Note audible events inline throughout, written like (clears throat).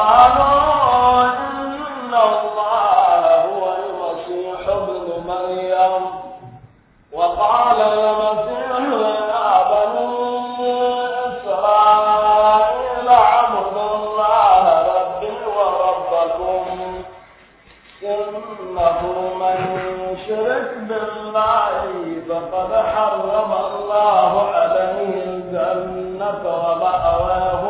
قالوا إن الله هو المسيح ابن مريم وقال المسيح يا بني إسرائيل الله ربي وربكم إنه من يشرك بالله فقد حرم الله عليه الجنة ومأواه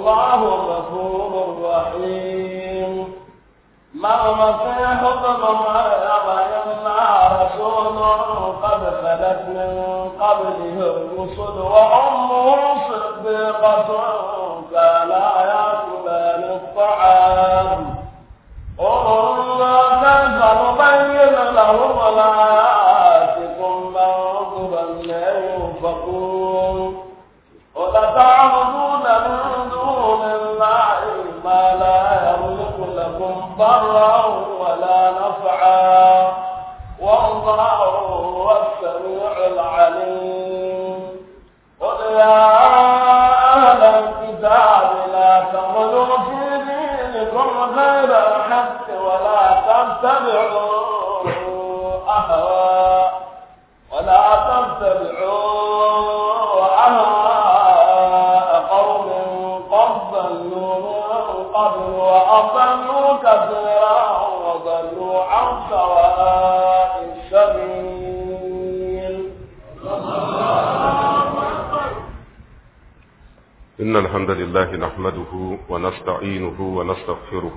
الله غفور رحيم ما المسيح ابن مريم إلا رسول قد خلت من قبله الرسل وأمه صديقة فلا يأكلان الطعام انظر كيف نبين ولا يأكل تتبعوا أهواء ولا تتبعوا أهواء قوم قد ضلوا من قبل وأضلوا كثيرا وضلوا عن سواء السبيل إن الحمد لله نحمده ونستعينه ونستغفره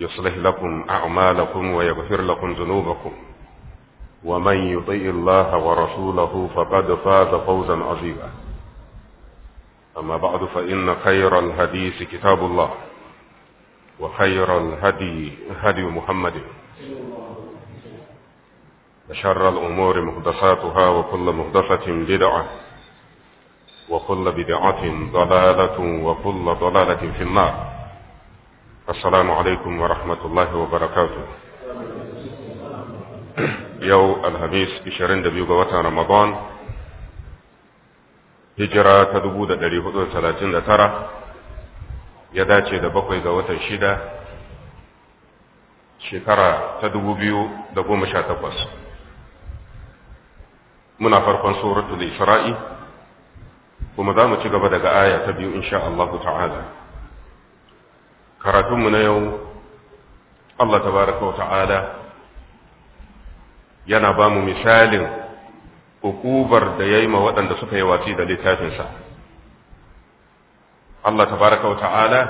يصلح لكم أعمالكم ويغفر لكم ذنوبكم ومن يطيء الله ورسوله فقد فاز فوزا عظيما أما بعد فإن خير الحديث كتاب الله وخير الهدي هدي محمد وشر الأمور مهدساتها وكل مهدسة بدعة وكل بدعة ضلالة وكل ضلالة في النار assalamu alaikum wa rahmatullahi wa barakatu yau alhamis 22 ga watan ramadan hijira ta 1439 ya dace da bakwai ga watan shida shekara ta sha 2018 muna farkon suratul isra'i kuma za mu ci gaba daga aya ta biyu insha Allah ta'ala karatunmu na yau Allah Ta baraka wa ta'ala yana ba mu misalin ukubar da ya yi ma waɗanda suka yi watsi da littafinsa Allah Ta baraka wa ta'ala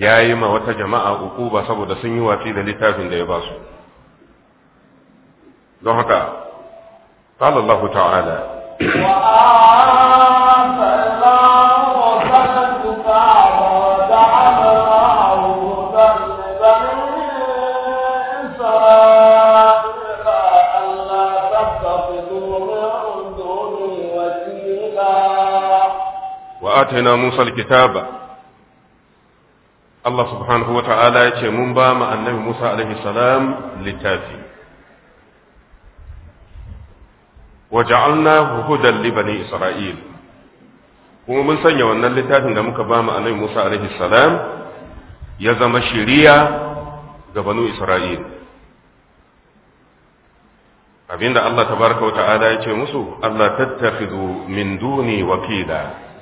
ya yi ma wata jama'a ukuba saboda sun yi watsi da littafin da ya ba su don haka ta'ala Allah ta’ala. آتينا موسى الكتاب الله سبحانه وتعالى يتي من بام النبي موسى عليه السلام لتافي وجعلناه هدى لبني إسرائيل kuma mun sanya wannan littafin da muka ba mu annabi Musa alaihi salam ya zama shiriya ga banu Isra'il abinda Allah tabaraka wa ta'ala ya ce musu Allah tattakhidhu min duni wakila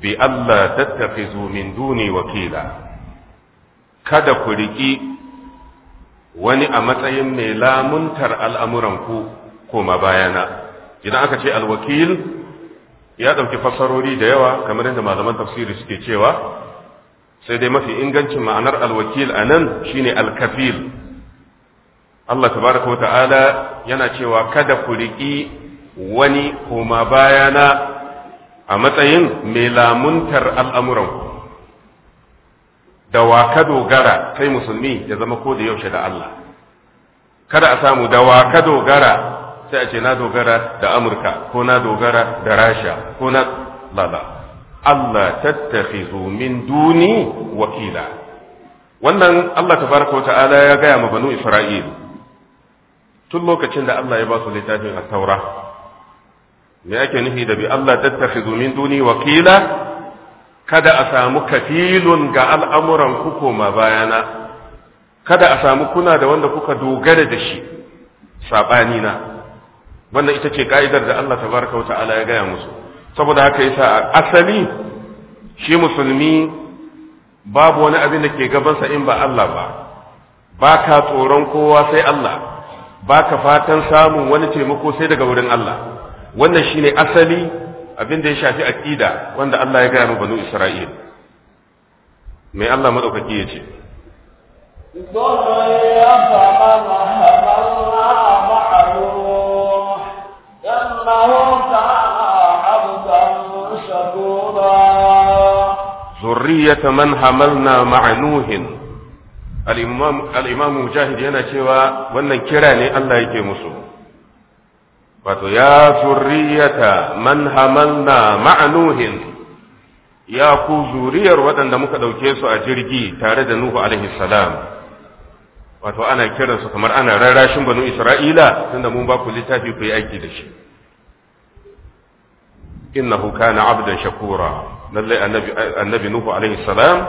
bi Allah tattakhizu min duni wakila kada ku riƙi wani a matsayin mai lamuntar al'amuranku koma bayana idan aka ce alwakil ya ɗauki fassarori da yawa kamar yadda malaman tafsiri suke cewa sai dai mafi ingancin ma'anar alwakil a nan shine alkafil Allah tabaraka wa ta'ala yana cewa kada ku riƙi wani koma bayana a matsayin mai lamuntar al'amuranku da wa ka dogara kai musulmi ya zama ko da yaushe da Allah kada a samu da wa ka dogara sai a ce na dogara da Amurka ko na dogara da Rasha ko na lala Allah tattakhizu min duni wakila wannan Allah tabaraka ta'ala ya gaya ma banu Isra'il tun lokacin da Allah ya ba su littafin a taura me ake nufi da bi Allah tattakhizu min duni wakila kada a samu kafilun ga al'amuran ku koma bayana kada a samu kuna da wanda kuka dogara da shi sabani na wannan ita ce ka'idar da Allah Ta tabaraka ala ya gaya musu saboda haka yasa asali shi musulmi babu wani abin da ke gabansa in ba Allah ba ba ka tsoron kowa sai Allah ba ka fatan samun wani taimako sai daga wurin Allah wannan ne asali abin da ya shafi aqida wanda Allah ya gaya mu banu Isra'il mai Allah madaukaki ya ce ذرية من حملنا مع نوح الإمام الإمام مجاهد هنا cewa wannan kira ne Allah yake musu wato ya zuriyata man hamanna ma'anuhin ya ku zuriyar waɗanda muka ɗauke su a jirgi tare da Nuhu alaihi salam wato ana kiransu kamar ana rarrashin banu Isra'ila tunda mun ba ku littafi ku yi aiki da shi innahu kana abdan shakura lallai annabi annabi Nuhu alaihi salam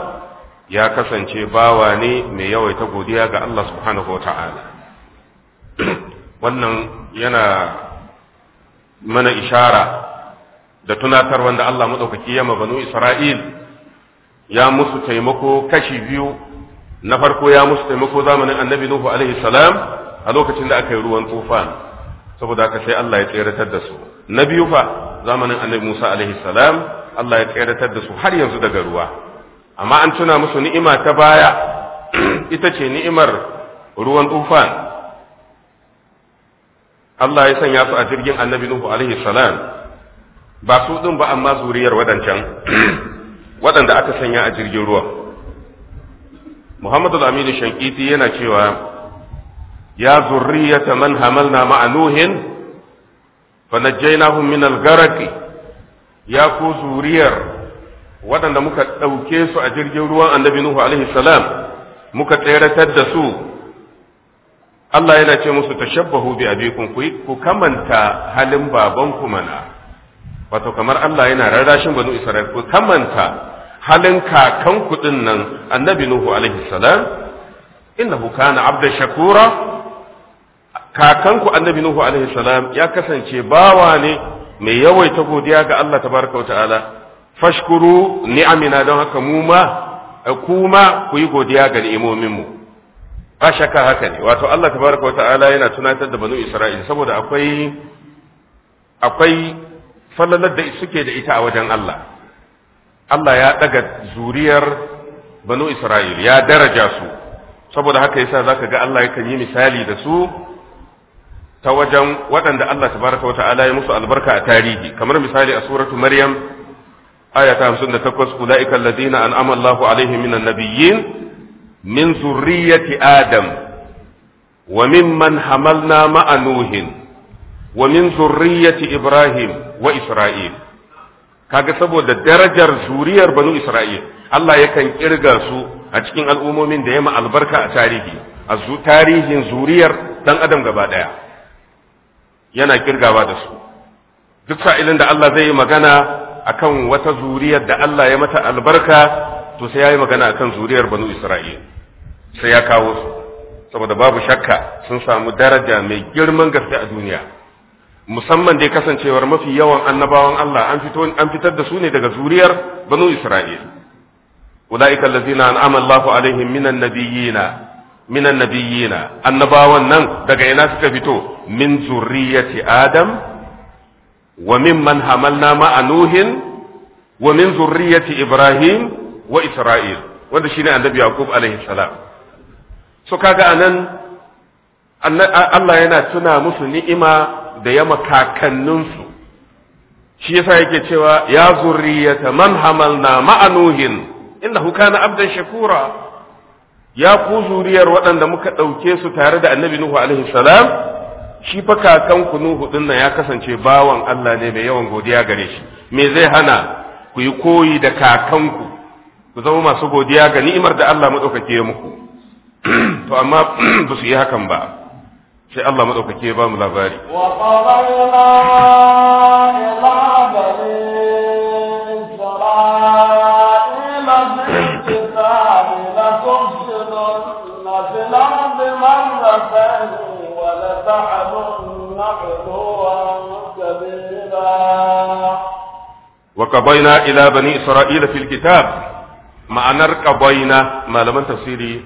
ya kasance bawa ne mai yawaita godiya ga Allah subhanahu wa ta'ala (clears throat) wannan yana mana ishara da tunatar wanda Allah maɗaukaki ya banu Isra'il ya musu taimako kashi biyu na farko ya musu taimako zamanin annabi Nuhu alaihi salam a lokacin da aka yi ruwan tufan saboda haka sai Allah ya tseratar da su na biyu fa zamanin annabi Musa alaihi salam Allah ya tseratar da su har yanzu daga ruwa amma an tuna musu ni'ima ta baya (clears throat) ita ce ni'imar ruwan tufan Allah ya sanya su a jirgin annabi Nuhu alaihi salam ba su din ba amma zuriyar wadancan (clears throat) waɗanda aka sanya a jirgin ruwa Muhammadu al-Amin Shankiti yana cewa ya zurriyata man hamalna ma'a Nuhin fa najjaynahum min al ya ku zuriyar waɗanda muka ɗauke su a jirgin ruwan annabi Nuhu alaihi salam muka tseratar da su Allah yana ce musu tashabbahu bi abikum ku ku kamanta halin babanku mana wato kamar Allah yana rarrashin banu Isra'il ku kamanta halin kakan ku din annabi Nuhu alaihi salam innahu kana abdan shakura kakan ku annabi Nuhu alaihi salam ya kasance bawa ne mai yawaita godiya ga Allah tabaraka wa ta'ala fashkuru ni'amina don haka mu ma kuma ku yi godiya ga ni'imomin mu ba shakka haka ne wato Allah tabaraka wa ta'ala yana tunatar da banu Isra'il saboda akwai akwai fallalar da suke da ita a wajen Allah Allah ya daga zuriyar banu Isra'il ya daraja su saboda haka yasa zaka ga Allah yakan yi misali da su ta wajen waɗanda Allah tabaraka wa ta'ala ya musu albarka a tarihi kamar misali a suratu Maryam aya ta 58 ulaika alladhina an'ama Allahu alaihim minan nabiyyin min zurriyyati adam wa mimman hamalna ma'a nuhin wa min zurriyyati ibrahim wa isra'il kaga saboda darajar zuriyar banu isra'il Allah yakan kirga su a cikin al'umomin da ya ma albarka a tarihi a tarihin zuriyar dan adam gaba daya yana kirgawa da su duk sa'ilin da Allah zai yi magana akan wata zuriyar da Allah ya mata albarka to sai ya yi magana a kan zuriyar banu isra'il sai ya kawo su saboda babu shakka sun samu daraja mai girman gaske a duniya musamman dai kasancewar mafi yawan annabawan Allah an an fitar da su ne daga zuriyar banu isra'il ulaika allazina an'ama Allahu alaihim minan nabiyina minan annabawan nan daga ina suka fito min zurriyati adam wa mimman hamalna ma'a nuhin wa min zurriyati ibrahim wa Isra'il wanda shine annabi Yaqub alaihi salam so kaga anan Allah yana tuna musu ni'ima da ya makakanninsu shi yasa yake cewa ya zurriyata man hamalna ma'anuhin huka na abdan shakura ya ku zuriyar waɗanda muka ɗauke su tare da annabi nuhu alaihi salam shi fa kakan nuhu din nan ya kasance bawan Allah ne mai yawan godiya gare shi me zai hana ku yi koyi da kakanku ku zama masu godiya ga ni'imar da Allah madaukake ya muku to amma ba su yi hakan ba sai Allah madaukake ya ba mu labari وقضينا إلى بني إسرائيل في الكتاب ma'anar qabaina malaman tafsiri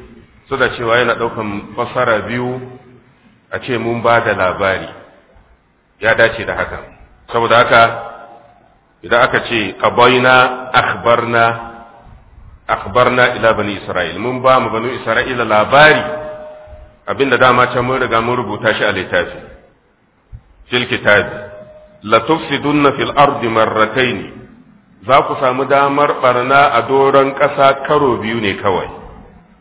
suna cewa yana ɗaukan fasara biyu a ce mun ba da labari ya dace da haka saboda haka idan aka ce kabaina akhbarna akhbarna ila bani isra'il mun ba mu bani isra'ila labari abinda dama can mun riga mun rubuta shi a littafi fil kitabi la tufsidunna fil ardi marrataini za ku samu damar barna a doron ƙasa karo biyu ne kawai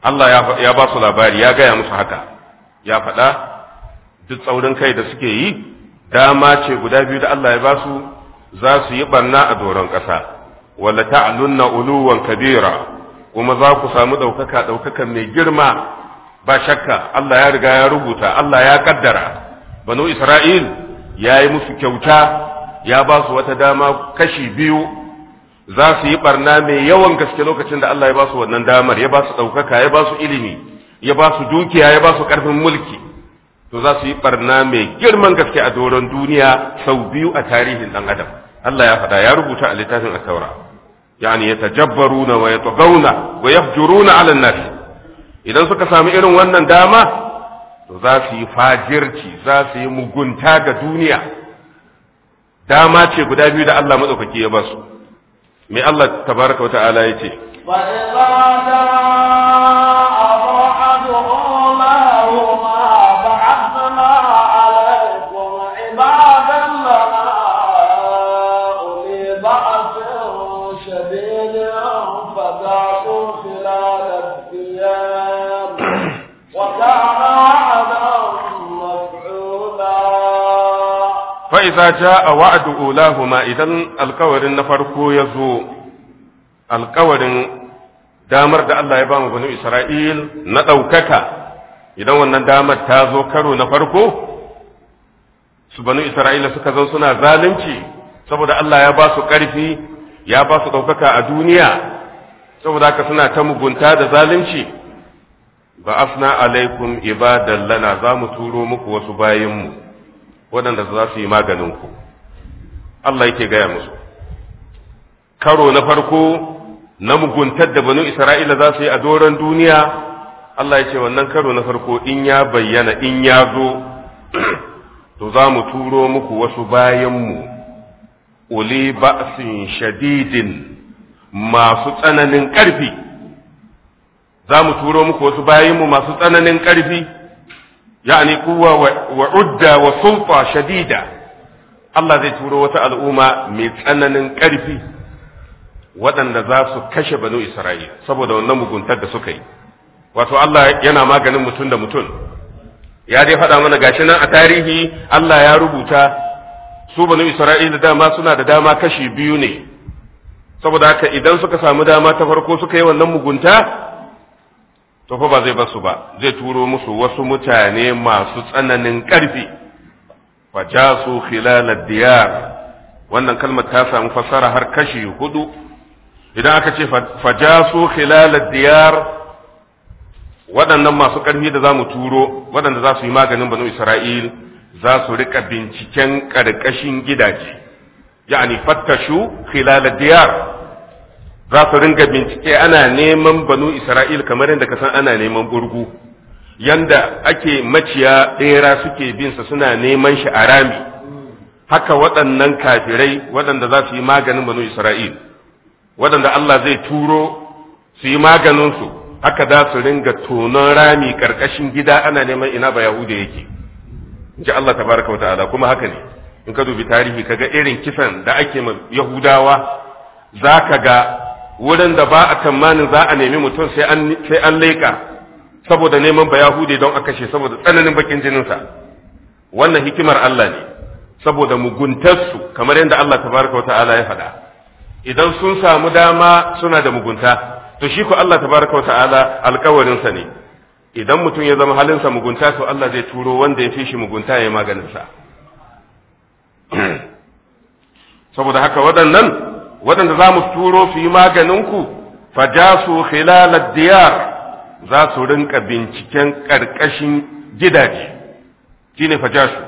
Allah ya ba su labari ya gaya musu haka ya faɗa duk tsaurin kai da suke yi dama ce guda biyu da Allah ya ba su za su yi barna a doron ƙasa wala ta'lunna uluwan kabira kuma za ku samu ɗaukaka ɗaukakan mai girma ba shakka Allah ya riga ya rubuta Allah ya kaddara banu Isra'il ya yi musu kyauta ya ba su wata dama kashi biyu za su yi barna mai yawan gaske lokacin da Allah ya ba su wannan damar ya ba su ɗaukaka ya ba su ilimi ya ba su dukiya ya ba su ƙarfin mulki to za su yi barna mai girman gaske a doron duniya sau biyu a tarihin ɗan adam Allah ya faɗa ya rubuta a littafin asaura yani ya tajabbaruna wa yatagawna wa na ala nas idan suka samu irin wannan dama to za su yi fajirci za su yi mugunta ga duniya dama ce guda biyu da Allah maɗaukaki ya ba su mai Allah tabaraka wa ta'ala yace ce فإذا جاء idan أولاهما na farko ya zo القور damar da Allah ya ba mu Isra'il na ɗaukaka idan wannan damar ta zo karo na farko su bani Isra'ila suka zo suna zalunci saboda Allah ya ba su ƙarfi ya ba su ɗaukaka a duniya saboda haka suna ta mugunta da zalunci ba afna alaikum ibadan lana za mu turo muku wasu bayanmu waɗanda za su yi maganinku Allah yake gaya musu karo na farko na muguntar da banu isra'ila za su yi a doron duniya Allah ya ce wannan karo na farko in ya bayyana in ya zo (clears throat) to za mu turo muku wasu bayanmu uli ba'sin shadidin masu tsananin ƙarfi za mu turo muku wasu bayanmu masu tsananin ƙarfi yani kuwa wa udda wa shadida Allah zai turo wata al'umma mai tsananin ƙarfi waɗanda za su kashe banu Isra'il saboda wannan muguntar da suka yi wato Allah yana maganin mutum da mutum ya dai faɗa mana gashi nan a tarihi Allah ya rubuta su banu Isra'il dama suna da dama kashi biyu ne saboda haka idan suka samu dama ta farko suka yi wannan mugunta to fa ba zai basu ba zai turo musu wasu mutane masu tsananin ƙarfi su khilalad diyar wannan kalmar ta samu fasara har kashi hudu idan aka ce su khilalad diyar waɗannan masu ƙarfi da zamu turo waɗanda za su yi maganin banu isra'il za su rika binciken ƙarƙashin gidaje ya'ani fattashu khilalad diyar za su ringa bincike ana neman banu isra'il kamar yadda ka san ana neman burgu yanda ake maciya ɗera suke binsa suna neman shi a rami haka waɗannan kafirai waɗanda za su yi maganin banu isra'il waɗanda allah zai turo su yi maganinsu haka za su ringa tonon rami ƙarƙashin gida ana neman ina ba yahuda yake ji allah tabaraka wa ta'ala kuma haka ne in ka dubi tarihi kaga irin kisan da ake ma yahudawa za ka ga wurin da ba a tsammanin za a nemi mutum sai an leƙa saboda neman ba Yahudi don a kashe saboda tsananin bakin jininsa wannan hikimar Allah ne saboda muguntarsu kamar yadda Allah baraka wa ta'ala ya faɗa idan sun samu dama suna da mugunta to shi ko Allah tabaraka wa ta'ala alƙawarinsa ne idan mutum ya zama halinsa mugunta to Allah zai turo wanda ya fi shi mugunta ya yi maganinsa (clears throat) saboda haka waɗannan waɗanda za mu turo su yi maganinku fajasu khilalad diyar za su rinka binciken ƙarƙashin gidaje shine fajasu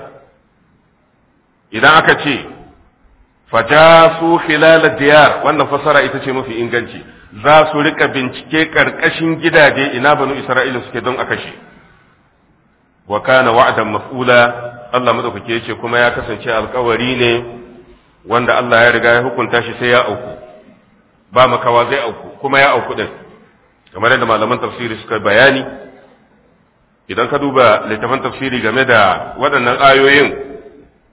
idan aka ce fajasu khilalad diyar wannan fasara ita ce mafi inganci za su rika bincike ƙarƙashin gidaje ina banu isra'ila suke don a kashe wa kana wa'dan maf'ula Allah madaukake yace kuma ya kasance alƙawari ne wanda Allah ya riga ya hukunta shi sai ya auku ba makawa zai auku kuma ya auku din kamar yadda malaman tafsiri suka bayani idan ka duba littafin tafsiri game da waɗannan ayoyin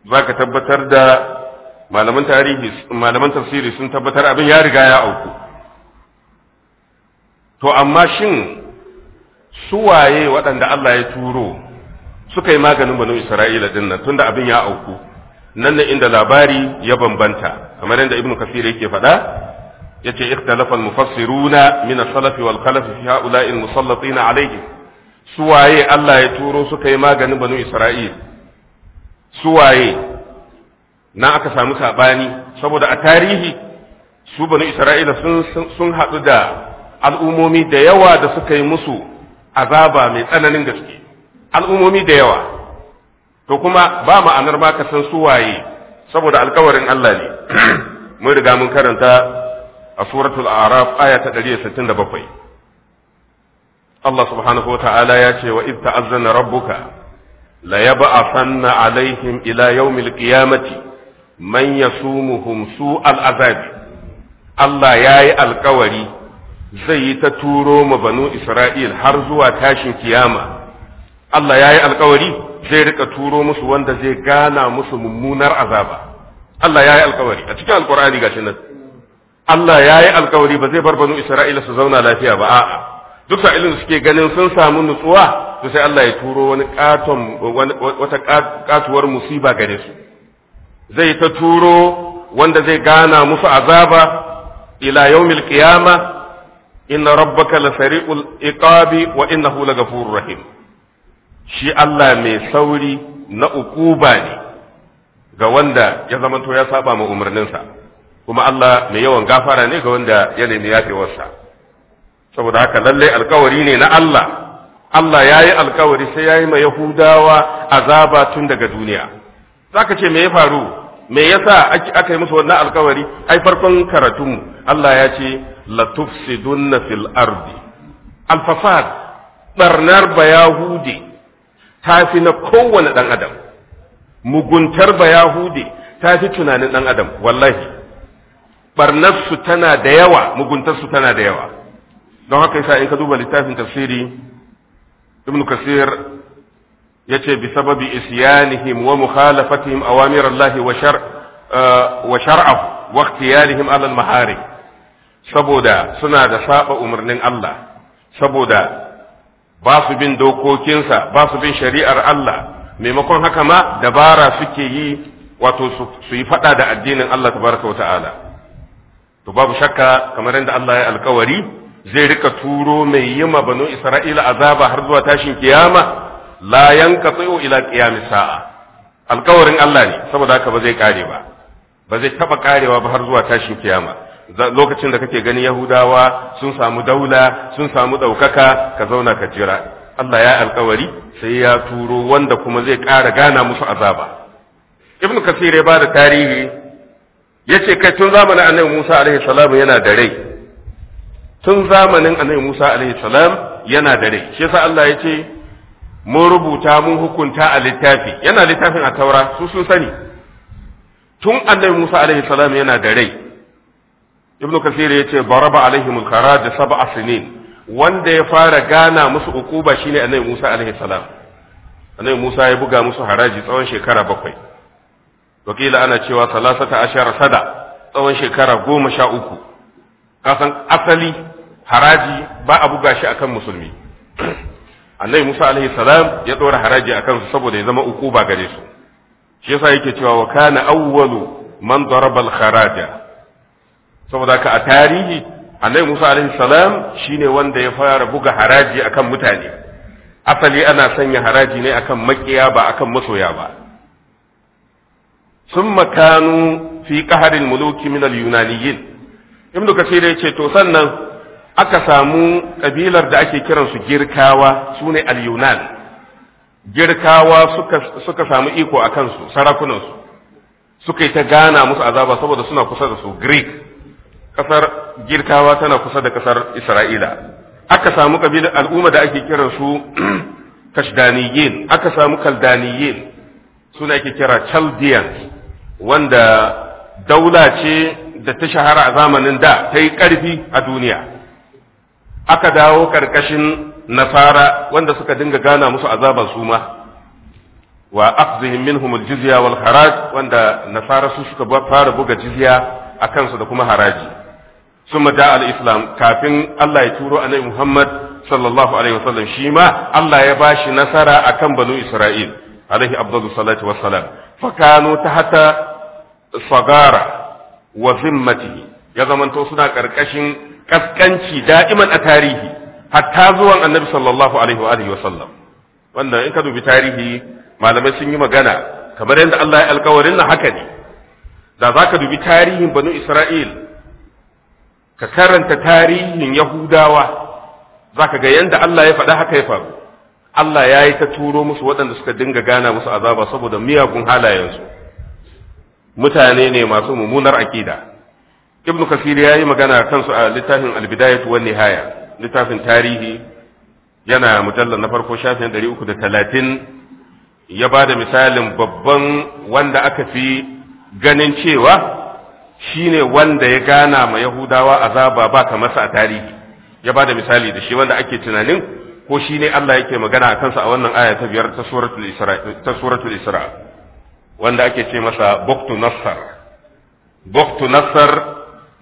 za ka tabbatar da malaman tarihi malaman tafsiri sun tabbatar abin ya riga ya auku to amma shin suwaye waɗanda Allah ya turo suka yi maganin banu Isra'ila dinnan tunda abin ya auku nan na inda labari ya bambanta kamar yadda ibnu kasir yake faɗa yace ikhtalafa al-mufassiruna min as-salaf wal khalaf fi ha'ula'i al-musallatin alayhi suwaye Allah ya turo suka yi maganin banu Isra'il suwaye na aka samu sabani saboda a tarihi su banu Isra'ila sun sun haɗu da al'umomi da yawa da suka yi musu azaba mai tsananin gaske al'umomi da yawa to kuma ba ma'anar ma ka san suwaye saboda alkawarin Allah ne (clears throat) mun riga mun karanta a suratul araf aya ta 167 Allah subhanahu wata'ala ya ce wa idh ta'azzana rabbuka la yab'athanna alaihim ila yawmil qiyamati man yasumuhum su'al azab Allah yayi alkawari zai yi ta turo ma banu Isra'il har zuwa tashin kiyama Allah yayi alkawari zai rika turo musu wanda zai gana musu mummunar azaba Allah ya yi alkawari a cikin alkur'ani gashi nan Allah ya yi alkawari ba zai bar banu Isra'ila su zauna lafiya ba a'a duk sa'ilin suke ganin sun samu nutsuwa to sai Allah ya turo wani katon wata katuwar musiba gare su zai ta turo wanda zai gana musu azaba ila yawmil qiyama inna rabbaka lasari'ul iqabi wa innahu laghafurur rahim shi Allah mai sauri na ukuba ne ga wanda ya zamanto ya saba ma umarninsa kuma Allah mai yawan gafara ne ga wanda ya nemi yafewarsa saboda haka lalle alkawari ne na Allah Allah ya yi alkawari sai ya yi ma Yahudawa azaba tun daga duniya za ka ce me ya faru me yasa aka yi musu wannan alkawari ai farkon karatunmu Allah ya ce latufsidunna fil ardi alfasad barnar bayahudi ta fi na kowane ɗan adam muguntar ba yahudi ta fi tunanin ɗan adam wallahi barnarsu tana da yawa muguntarsu tana da yawa don haka sa in ka duba littafin tafsiri ibn kasir yace bi sababi isyanihim wa mukhalafatihim awamir Allah wa eh, wa shar'ahu wa ikhtiyarihim ala al-mahari saboda suna da saba umarnin Allah saboda ba su bin dokokinsa ba su bin shari'ar Allah maimakon haka ma dabara suke yi wato su yi fada da addinin Allah tabaraka wa ta'ala to babu shakka kamar yadda Allah ya alkawari zai rika turo mai yima banu Isra'ila azaba har zuwa tashin kiyama la yanqatu ila qiyamis sa'a alkawarin Allah ne saboda haka ba zai kare ba ba zai taba karewa ba har zuwa tashin kiyama lokacin da kake gani yahudawa sun samu daula sun samu ɗaukaka ka zauna ka jira Allah ya alkawari sai ya turo wanda kuma zai ƙara gana musu azaba ibn kasir ya bada tarihi yace kai tun zamanin annabi Musa alaihi salam yana da rai tun zamanin annabi Musa alaihi salam yana da rai shi yasa Allah yace mun rubuta mun hukunta a littafi yana littafin a taura su sun sani tun annabi Musa alaihi salam yana da rai ibnu kasir yace baraba alaihim al da sab'a sinin wanda ya fara gana musu ukuba shine annabi Musa alaihi salam annabi Musa ya buga musu haraji tsawon shekara bakwai wakila ana cewa salasata ashara sada tsawon shekara goma sha uku kasan asali haraji ba a buga shi akan musulmi (clears throat) annabi Musa alaihi salam ya dora haraji akan su saboda ya zama ukuba gare su shi yasa yake cewa wa kana awwalu man daraba al-kharaja saboda ka a tarihi annabi Musa alaihi salam shine wanda ya fara buga haraji akan mutane asali ana sanya haraji ne akan makiya ba akan masoya ba summa kanu fi qahril muluki min al-yunaniyin ibnu kasir yace to sannan aka samu kabilar da ake kiransu girkawa sune al-yunan girkawa suka suka samu iko akan su sarakunansu suka yi ta gana musu azaba saboda suna kusa da su greek kasar girkawa tana kusa da kasar isra'ila aka samu kabila al'umma da ake kira su (clears throat) kashdaniyin aka samu kaldaniyin suna ake kira chaldeans wanda daula ce da ta shahara a zamanin da ta yi ƙarfi a duniya aka dawo ƙarƙashin nasara wanda suka dinga gana musu azaban su ma wa aqdihim minhum aljizya wal haraj wanda nasara su suka fara buga jizya akan su da kuma haraji summa da islam kafin Allah ya turo annabi Muhammad sallallahu alaihi wasallam shi ma Allah ya shi nasara akan banu Isra'il alaihi afdalu salatu wassalam fa kanu tahta sagara wa zimmatihi ya zamanto suna karkashin kaskanci da'iman a tarihi hatta zuwan annabi sallallahu alaihi wa alihi wasallam in ka dubi tarihi malamai sun yi magana kamar yadda Allah ya alkawarin na haka ne da za ka dubi tarihin banu Isra'il ka karanta tarihin yahudawa zaka ga yadda Allah ya faɗa haka ya faru Allah ya yi ta turo musu waɗanda suka dinga gana musu azaba saboda miyagun halayensu mutane ne masu mummunar aƙida ibnu kasir ya yi magana kansu a littafin albidayatu wan nihaya littafin tarihi yana mujalla na farko shafin talatin. ya ba da misalin babban wanda aka fi ganin cewa shine wanda ya gana ma yahudawa azaba ba ka masa a tarihi ya bada misali da shi wanda ake tunanin ko shi ne Allah yake magana a kansa a wannan aya ta biyar ta suratul isra wanda ake ce masa buktu nassar buktu nassar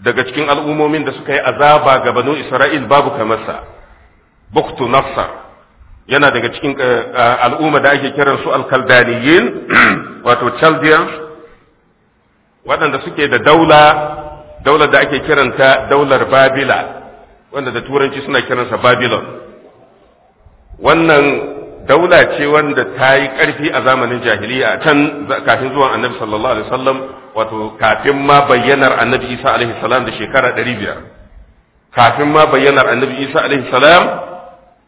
daga cikin al'umomin da suka yi azaba ga banu isra'il babu kamarsa buktu nassar yana daga cikin eh, eh, al'umma da ake kiransu alkaldaniyin (clears throat) wato chaldeans waɗanda suke da daula daular da ake kiranta daular babila wanda da turanci suna kiransa babylon wannan daula ce wanda ta yi ƙarfi a zamanin jahiliya can kafin zuwan annabi sallallahu alaihi wasallam wato kafin ma bayyanar annabi isa alaihi salam da shekara ɗari biyar kafin ma bayyanar annabi isa alaihi salam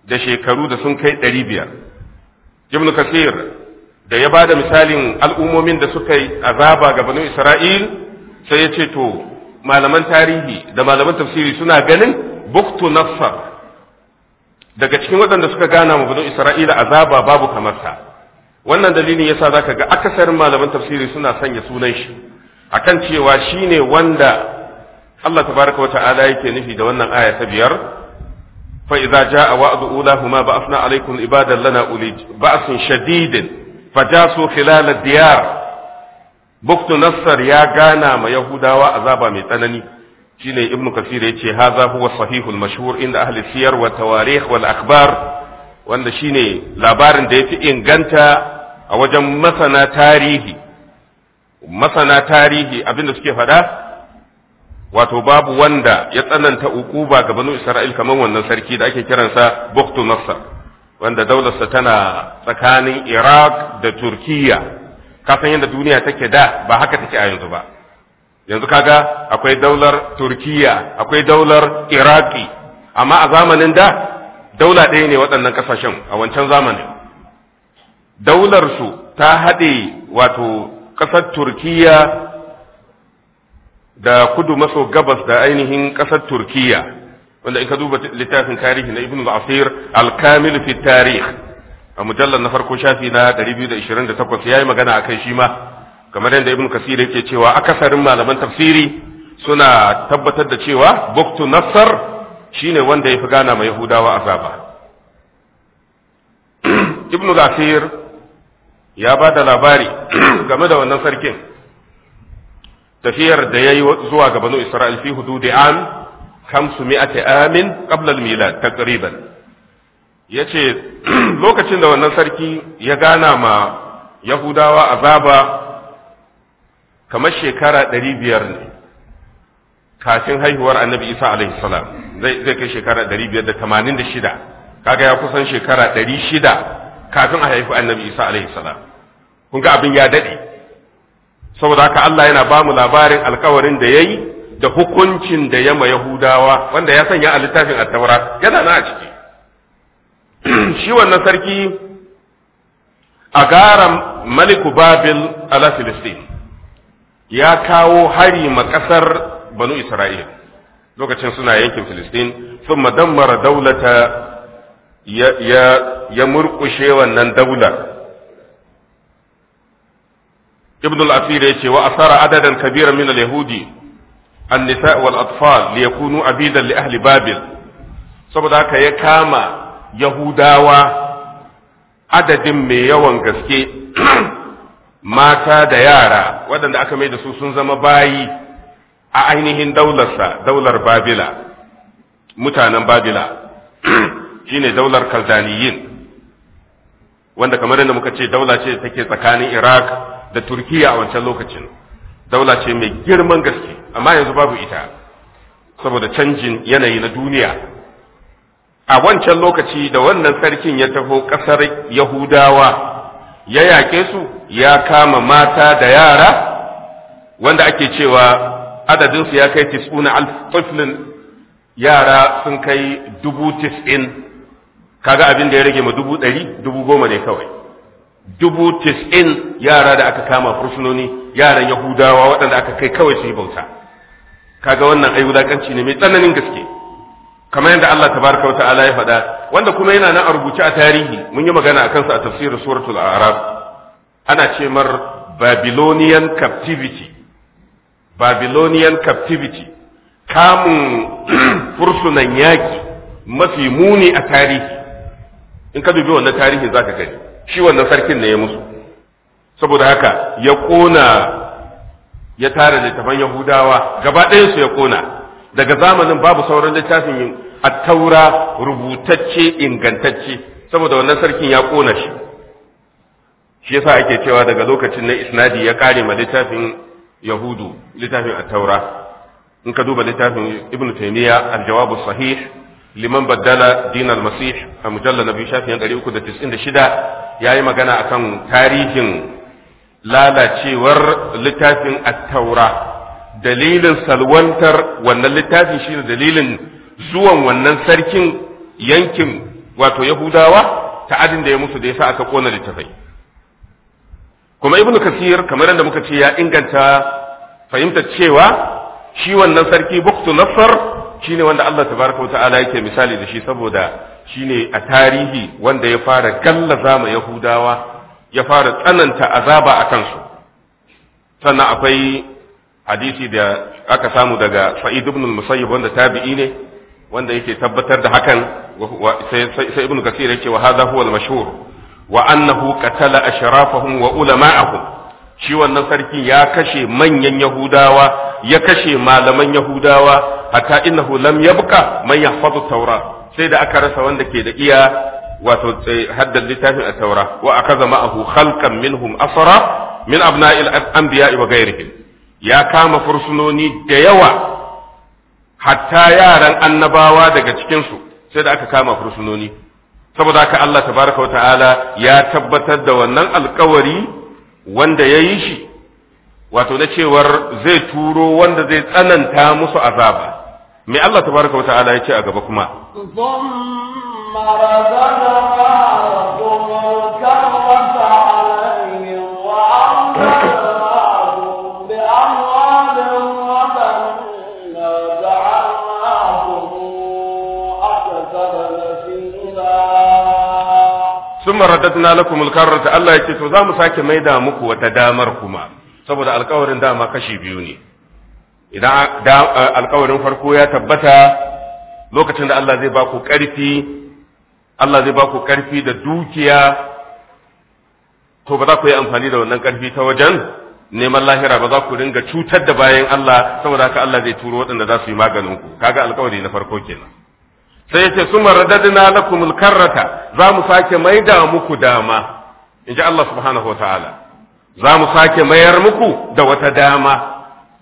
da shekaru da sun kai ɗari biyar ibn kasir da ya ba da misalin al'ummomin da suka yi azaba ga banu Isra'il sai ya ce to malaman tarihi da malaman tafsiri suna ganin buktu nassar daga cikin waɗanda suka gana ma banu Isra'ila azaba babu kamarsa wannan dalilin yasa zaka ga akasarin malaman tafsiri suna sanya sunan shi akan cewa shi ne wanda Allah tabaraka ta'ala yake nufi da wannan aya ta biyar fa idza jaa wa'du ulahuma ba'athna alaykum ibadan lana uli ba'sun shadidin fajaso khilal diyar buktu nassar ya gana ma yahudawa azaba mai tsanani shine ibn kasir yace haza huwa sahihul mashhur inda ahli siyar wa tawarikh wal akhbar wanda shine labarin da yafi inganta a wajen masana tarihi masana tarihi abinda suke fada wato babu wanda ya tsananta ukuba ga banu isra'il kamar wannan sarki da ake kiransa buktu nassar wanda daularsa tana tsakanin iraq da turkiya kasan yadda duniya take da ba haka take a yanzu ba yanzu kaga akwai daular turkiya akwai daular iraki amma a zamanin da daula ɗaya ne waɗannan kasashen a wancan zamanin su ta haɗe wato ƙasar Turkiyya da kudu maso gabas da ainihin ƙasar Turkiyya. wanda in ka duba littafin tarihi na ibn al-asir al-kamil fi tarikh a mujallar na farko shafi na 228 yayi magana akan shi ma kamar yadda ibn kasir yake cewa akasarin malaman tafsiri suna tabbatar da cewa buktu nassar shine wanda ya fi gana mai yahudawa azaba (clears throat) ibn asir ya ba da labari (clears throat) game da wannan sarkin tafiyar da ya yi zuwa ga banu isra'il fi hududi am kamsu mi'ati amin qabla al-milad taqriban yace (clears throat) lokacin da wannan sarki ya gana ma yahudawa azaba kamar shekara ɗari biyar ne kafin haihuwar annabi isa alaihi salam zai kai shekara ɗari biyar da tamanin da shida kaga ya kusan shekara ɗari shida kafin a haifi annabi isa alaihi salam kun ga abin ya daɗe saboda haka allah yana bamu labarin alƙawarin da ya yi da hukuncin da ya ma Yahudawa wanda ya sanya a littafin attaura yana na a ciki (clears throat) shi wannan sarki a gara maliku babil ala filistin ya kawo hari ma ƙasar banu isra'il lokacin suna yankin filistin sun madammara daulata ya murƙushe wannan daula ibn al-asir yace wa asara adadan kabiran min al-yahudi النساء والأطفال ليكونوا عبيدا لأهل بابل saboda haka ya kama Yahudawa adadin mai yawan gaske mata da yara waɗanda aka mai da su sun zama bayi a ainihin daularsa daular Babila mutanen Babila shine daular Kaldaniyin wanda kamar yadda muka ce daula ce take tsakanin Iraq da Turkiya a wancan lokacin daula ce mai girman gaske amma yanzu babu ita saboda canjin yanayi na duniya a wancan lokaci da wannan sarkin ya taho ƙasar yahudawa ya yaƙe su ya kama mata da yara wanda ake cewa adadinsu ya kai tis'una alfiflin yara sun kai dubu tis'in kaga abin da ya rage ma dubu ɗari dubu goma ne kawai dubu tis'in yara da aka kama fursunoni yaran yahudawa waɗanda aka kai kawai su yi bauta kaga wannan ai wulakanci ne mai tsananin gaske kamar yadda Allah tabaraka wa ta'ala ya faɗa wanda kuma yana nan a rubuce a tarihi mun yi magana akan sa a tafsirin suratul a'raf ana ce mar babylonian captivity babylonian captivity kamun (clears throat) fursunan yaki mafi muni a tarihi in ka dubi wannan tarihin zaka gani shi wannan sarkin ne ya musu saboda haka ya kona ya tara littafan yahudawa gaba ɗaya su ya kona daga zamanin babu sauran littafin Attaura rubutacce ingantacce saboda wannan sarkin ya kona shi shi yasa ake cewa daga lokacin na isnadi ya kare ma littafin yahudu littafin Attaura. taura in ka duba littafin Ibn taymiya al-jawab sahih liman baddala din al-masih a mujallal nabi shafin 396 yayi magana akan tarihin lalacewar littafin attaura dalilin salwantar wannan littafin shine dalilin zuwan wannan sarkin yankin wato yahudawa ta'adin da ya musu da sa aka kona littafai kuma ibnu kasir kamar yadda muka ce ya inganta fahimtar cewa shi wannan sarki buktu nasar shine wanda Allah tabaraka ta'ala yake misali da shi saboda shine a tarihi wanda ya fara gallaza ma yahudawa ya fara tsananta azaba a kansu sannan akwai hadisi da aka samu daga sa'id ibn musayyib wanda tabi'i ne wanda yake tabbatar da hakan sai ibn kasir yake wa hadha huwa al-mashhur wa annahu qatala ashrafahum wa ulama'ahum shi wannan sarkin ya kashe manyan yahudawa ya kashe malaman yahudawa hatta innahu lam yabqa man yahfazu tawrat sai da aka rasa wanda ke da iya wato eh, haddar littafin a taura wa aka zama ahu khalqan minhum asara min abna'il anbiya wa ghairihim ya kama fursunoni da yawa hatta yaran annabawa daga cikin su sai da aka kama fursunoni saboda haka Allah tabaraka ta'ala ya tabbatar da wannan alkawari wanda ya yi shi wato na cewar zai turo wanda zai tsananta musu azaba me Allah tabaraka wa ta'ala ya ce a gaba kuma summa raddadna lakum al-karrata Allah yake to za mu sake maida muku wata damar kuma saboda alƙawarin dama kashi biyu ne idan alkawarin farko ya tabbata lokacin da Allah zai ba ku ƙarfi Allah zai ba ku ƙarfi da dukiya to ba za ku yi amfani da wannan ƙarfi ta wajen neman lahira ba za ku ringa cutar da bayan Allah saboda haka Allah zai turo waɗanda za su yi maganin ku kaga alkawari na farko kenan sai yace summa radadna lakum alkarata za mu sake maida muku dama in Allah subhanahu wataala za mu sake mayar muku da wata dama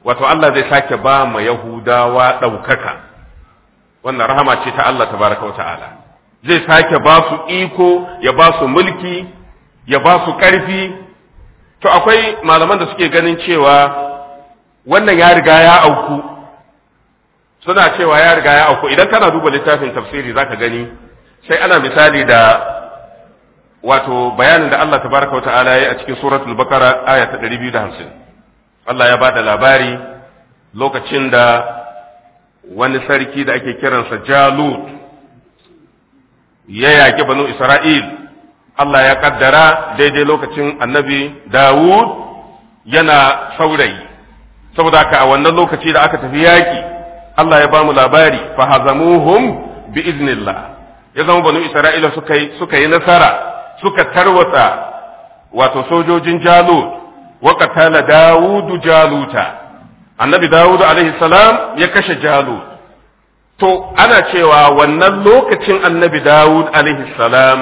wato Allah zai sake ba ma Yahudawa ɗaukaka wannan rahama ce ta Allah tabaraka wa ta'ala zai sake ba su iko ya ba su mulki ya ba su ƙarfi to akwai malaman da suke ganin cewa wannan ya riga ya auku suna cewa ya riga ya auku idan kana duba littafin tafsiri zaka gani sai ana misali da wato bayanin da Allah tabaraka wa ta'ala ya yi a cikin suratul bakara aya ta 250 Allah ya ba da labari lokacin da wani sarki da ake kiransa Jalut ya yaƙi banu Isra'il, Allah ya kaddara daidai lokacin annabi Dawud yana saurayi, saboda ka a wannan lokaci da aka tafi yaƙi, Allah ya ba mu labari, fahazamuhum bi iznillah. ya zama banu Isra'ila suka yi nasara, suka tarwata wato sojojin Jalut. وقتل qatala Dawud Jaluta annabi عليه السلام salam ya kashe Jalut to ana cewa wannan lokacin annabi Dawud alaihi salam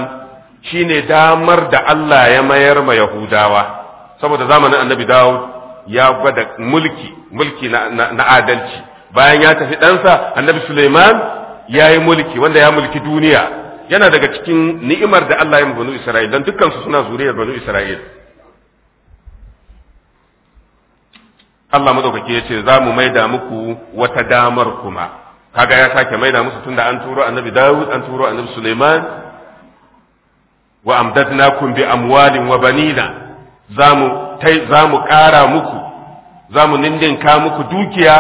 shine damar da Allah ya mayar ma Yahudawa saboda zamanin annabi Dawud ya gwada mulki mulki na adalci bayan ya tafi ɗansa annabi Suleiman ya yi mulki wanda ya mulki duniya yana daga cikin ni'imar da Allah ya banu Isra'il don dukkansu suna zuriyar banu Isra'il Allah madaukake ya ce za mu maida muku wata damar kuma kaga ya sake maida musu tunda an turo annabi Dawud an turo annabi Sulaiman wa amdadnakum bi amwalin wa banina za mu za mu muku za mu nindinka muku dukiya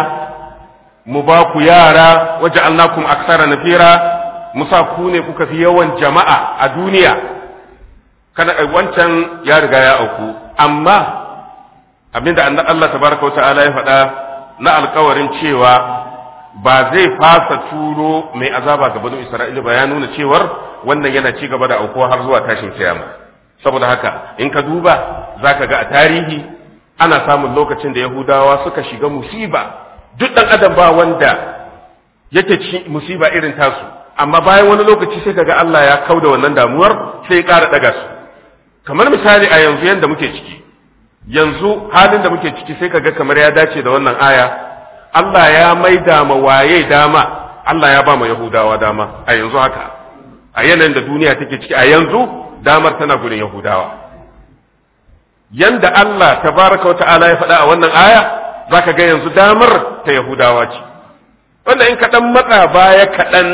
mu ba ku yara waje annakum aksara nafira musa ku ne kuka fi yawan jama'a a duniya kada wancan ya riga ya auku amma abinda annan Allah tabaraka ta'ala ya faɗa na alkawarin cewa ba zai fasa turo mai azaba ga banu Isra'ila ba ya nuna cewar wannan yana ci gaba da aukuwa har zuwa tashin kiyama saboda haka in ka duba zaka ga a tarihi ana samun lokacin da Yahudawa suka shiga musiba duk dan adam ba wanda yake ci musiba irin tasu amma bayan wani lokaci sai kaga Allah ya kauda wannan damuwar sai ya ƙara daga su kamar misali a yanzu yanda muke ciki yanzu halin da muke ciki sai kaga kamar ya dace da wannan aya Allah ya maida ma waye dama Allah ya ba ma Yahudawa dama a yanzu haka a yanayin da duniya take ciki a yanzu damar tana gurin Yahudawa yanda Allah tabaraka wata'ala ya faɗa a wannan aya zaka ga yanzu damar ta Yahudawa ce wanda in kaɗan matsa baya kaɗan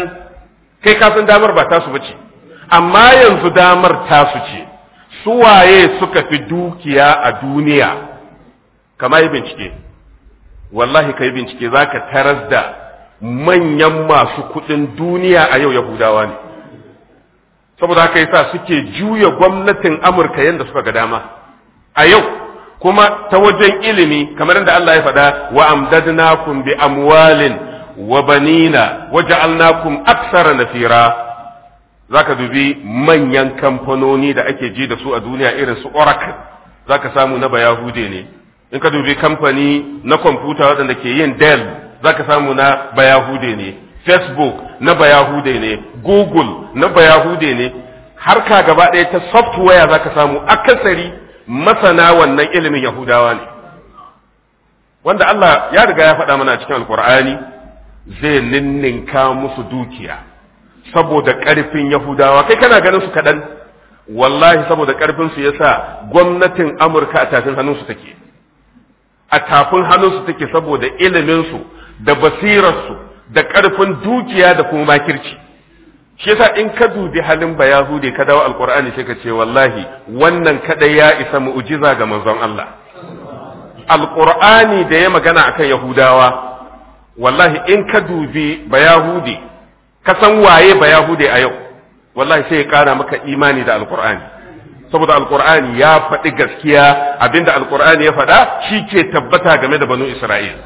kai ka san damar ba tasu bace amma yanzu damar tasu ce suwaye suka fi dukiya a duniya kama yi bincike wallahi ka yi bincike za ka taras da manyan masu kuɗin duniya a yau yahudawa ne saboda haka sa suke juya gwamnatin amurka yadda suka ga dama a yau kuma ta wajen ilimi kamar yadda Allah ya faɗa wa amdadnakum bi amwalin wa banina wa ja'alnakum aksara nasira zaka dubi manyan kamfanoni da ake ji da su a duniya irin su Oracle zaka samu na bayahude ne in ka dubi kamfani na kwamfuta waɗanda ke yin Dell zaka samu na bayahude ne Facebook na bayahude ne Google na bayahude ne har ka gaba ɗaya ta software zaka samu akasari masana wannan ilimin Yahudawa ne wanda Allah ya riga ya faɗa mana cikin Alkur'ani zai ninninka musu dukiya saboda ƙarfin yahudawa kai kana ganin su kaɗan wallahi saboda ƙarfin su yasa gwamnatin amurka a tafin hannun su take a tafin hannun su take saboda ilimin su da basirarsu da ƙarfin dukiya da kuma makirci shi yasa in ka dubi halin ba yahudi ka dawo alqur'ani sai ka ce wallahi wannan kadai ya isa mu'jiza ga manzon Allah alqur'ani da ya magana akan yahudawa wallahi in ka dubi Bayahudi. ka san waye ba yahude a yau wallahi sai ya kara maka imani da alqur'ani saboda alqur'ani ya faɗi gaskiya abinda alqur'ani ya faɗa shi ke tabbata game da banu isra'il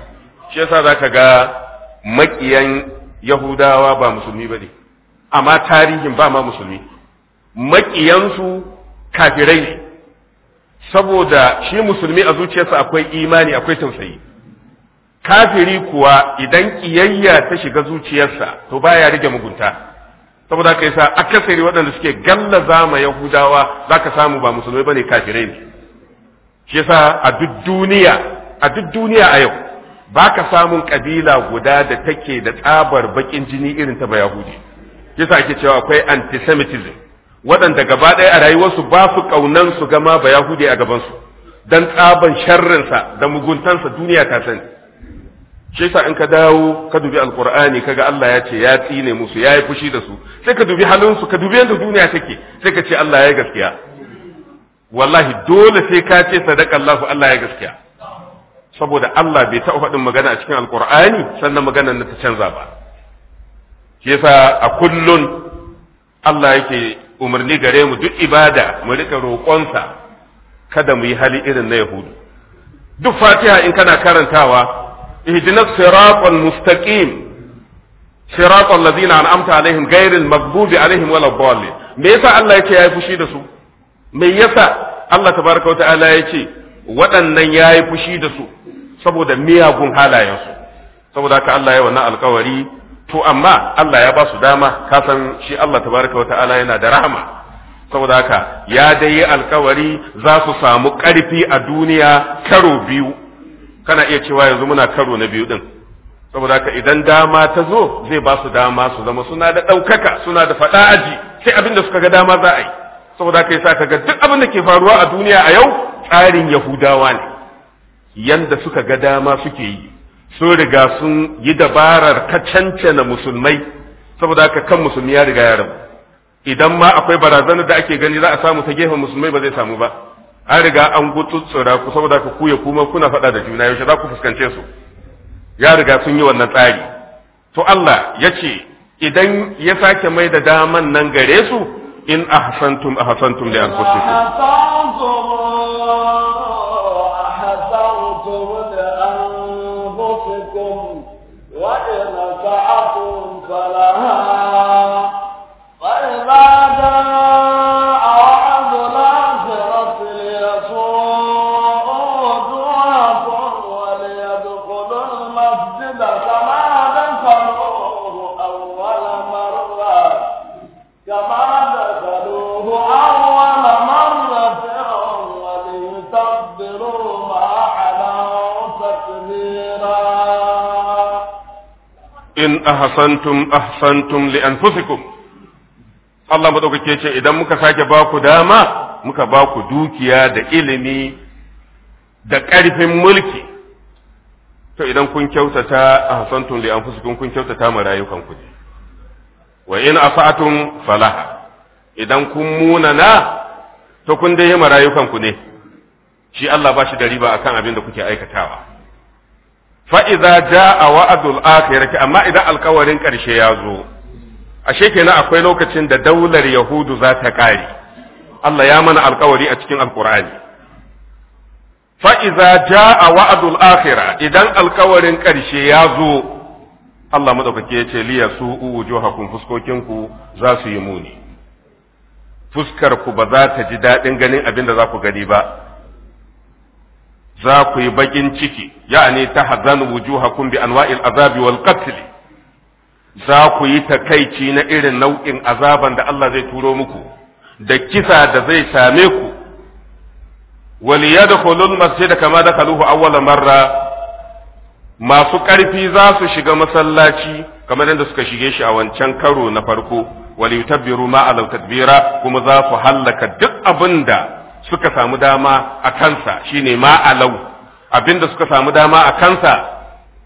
shi yasa zaka ga makiyan yahudawa ba musulmi bane amma tarihin ba ma musulmi makiyansu kafirai ne saboda shi musulmi a zuciyarsa akwai imani akwai tausayi kafiri kuwa idan kiyayya ta shiga zuciyarsa to baya rage mugunta saboda haka yasa akasari waɗanda suke gallaza ma yahudawa zaka samu ba musulmai bane kafirai ne shi yasa a duk duniya a duk duniya a yau baka samun kabila guda da take da tsabar bakin jini irin ta ba yahudi yasa ake cewa akwai antisemitism waɗanda gaba ɗaya a rayuwarsu ba su kaunan su gama ba yahudi a gabansu don tsaban sharrinsa da muguntansa duniya ta sani shi in ka dawo ka dubi alqur'ani kaga Allah ya ce ya tsine musu ya yi fushi da su sai ka dubi halin su ka dubi yadda duniya take sai ka ce Allah ya yi gaskiya wallahi dole sai ka ce sadaka Allah Allah ya gaskiya saboda Allah bai taɓa faɗin magana a cikin alqur'ani sannan maganar na ta canza ba shi a kullun Allah yake umarni gare mu duk ibada mu rika roƙonsa kada mu yi hali irin na yahudu duk fatiha in kana karantawa ihdinas siratal mustaqim siratal ladina an'amta alaihim ghairil maghdubi alaihim waladdallin me yasa Allah yake yayi fushi da su me yasa Allah tabaraka wata'ala yace waɗannan yayi fushi da su saboda miyagun halayensu saboda haka Allah ya wannan alkawari to amma Allah ya ba su dama kasan shi Allah tabaraka wata'ala yana da rahama saboda haka ya dai alƙawari za su samu ƙarfi a duniya karo biyu kana iya cewa yanzu muna karo na biyu din saboda haka idan dama ta zo zai ba su dama su zama suna da ɗaukaka suna da faɗa aji sai abin da suka ga dama za a yi saboda haka yasa kaga duk abin da ke faruwa a duniya a yau tsarin yahudawa ne yanda suka ga dama suke yi sun riga sun yi dabarar ka cancana musulmai saboda haka kan musulmi ya riga ya rabu idan ma akwai barazanar da ake gani za a samu ta gefen musulmai ba zai samu ba an riga an gutsutsura ku saboda ka kuya kuma kuna faɗa da juna yaushe za ku fuskance su ya riga sun yi wannan tsari to Allah ya ce idan ya sake mai da daman nan gare su in ahsantum ahsantum li anfusikum in ahsantum ahsantum li anfusikum Allah madaukake ce idan muka sake ba ku dama muka ba ku dukiya da ilimi da ƙarfin mulki to idan kun kyautata ahsantum li anfusikum kun kyautata ma ku ne wa in asa'tum falaha idan kun munana to kun dai ma rayukan rayukanku ne shi Allah ba shi da riba akan abin da kuke aikatawa fa'iza ja a wa'adul akhirati amma idan alkawarin ƙarshe ya zo ashe kenan akwai lokacin da daular yahudu za ta ƙare Allah ya mana alkawari a cikin alkur'ani fa'iza ja a wa'adul akhira idan alkawarin ƙarshe ya zo Allah maɗaukaki ya ce liya su wujuhakum fuskokinku za su yi muni fuskar ba za ta ji daɗin ganin abin da za ku gani ba za ku yi bakin ciki ya'ani ta hazan wujuhakum bi anwa'il azabi wal qatl za ku yi takaici na irin nau'in azaban da Allah zai turo muku da kisa da zai same ku wal yadkhulul masjid kama dakhaluhu awwal marra masu ƙarfi za su shiga masallaci kamar yadda suka shige shi a wancan karo na farko wal yutabbiru ma tadbira kuma za su hallaka duk abinda suka samu dama a kansa shine ma alau abinda suka samu dama a kansa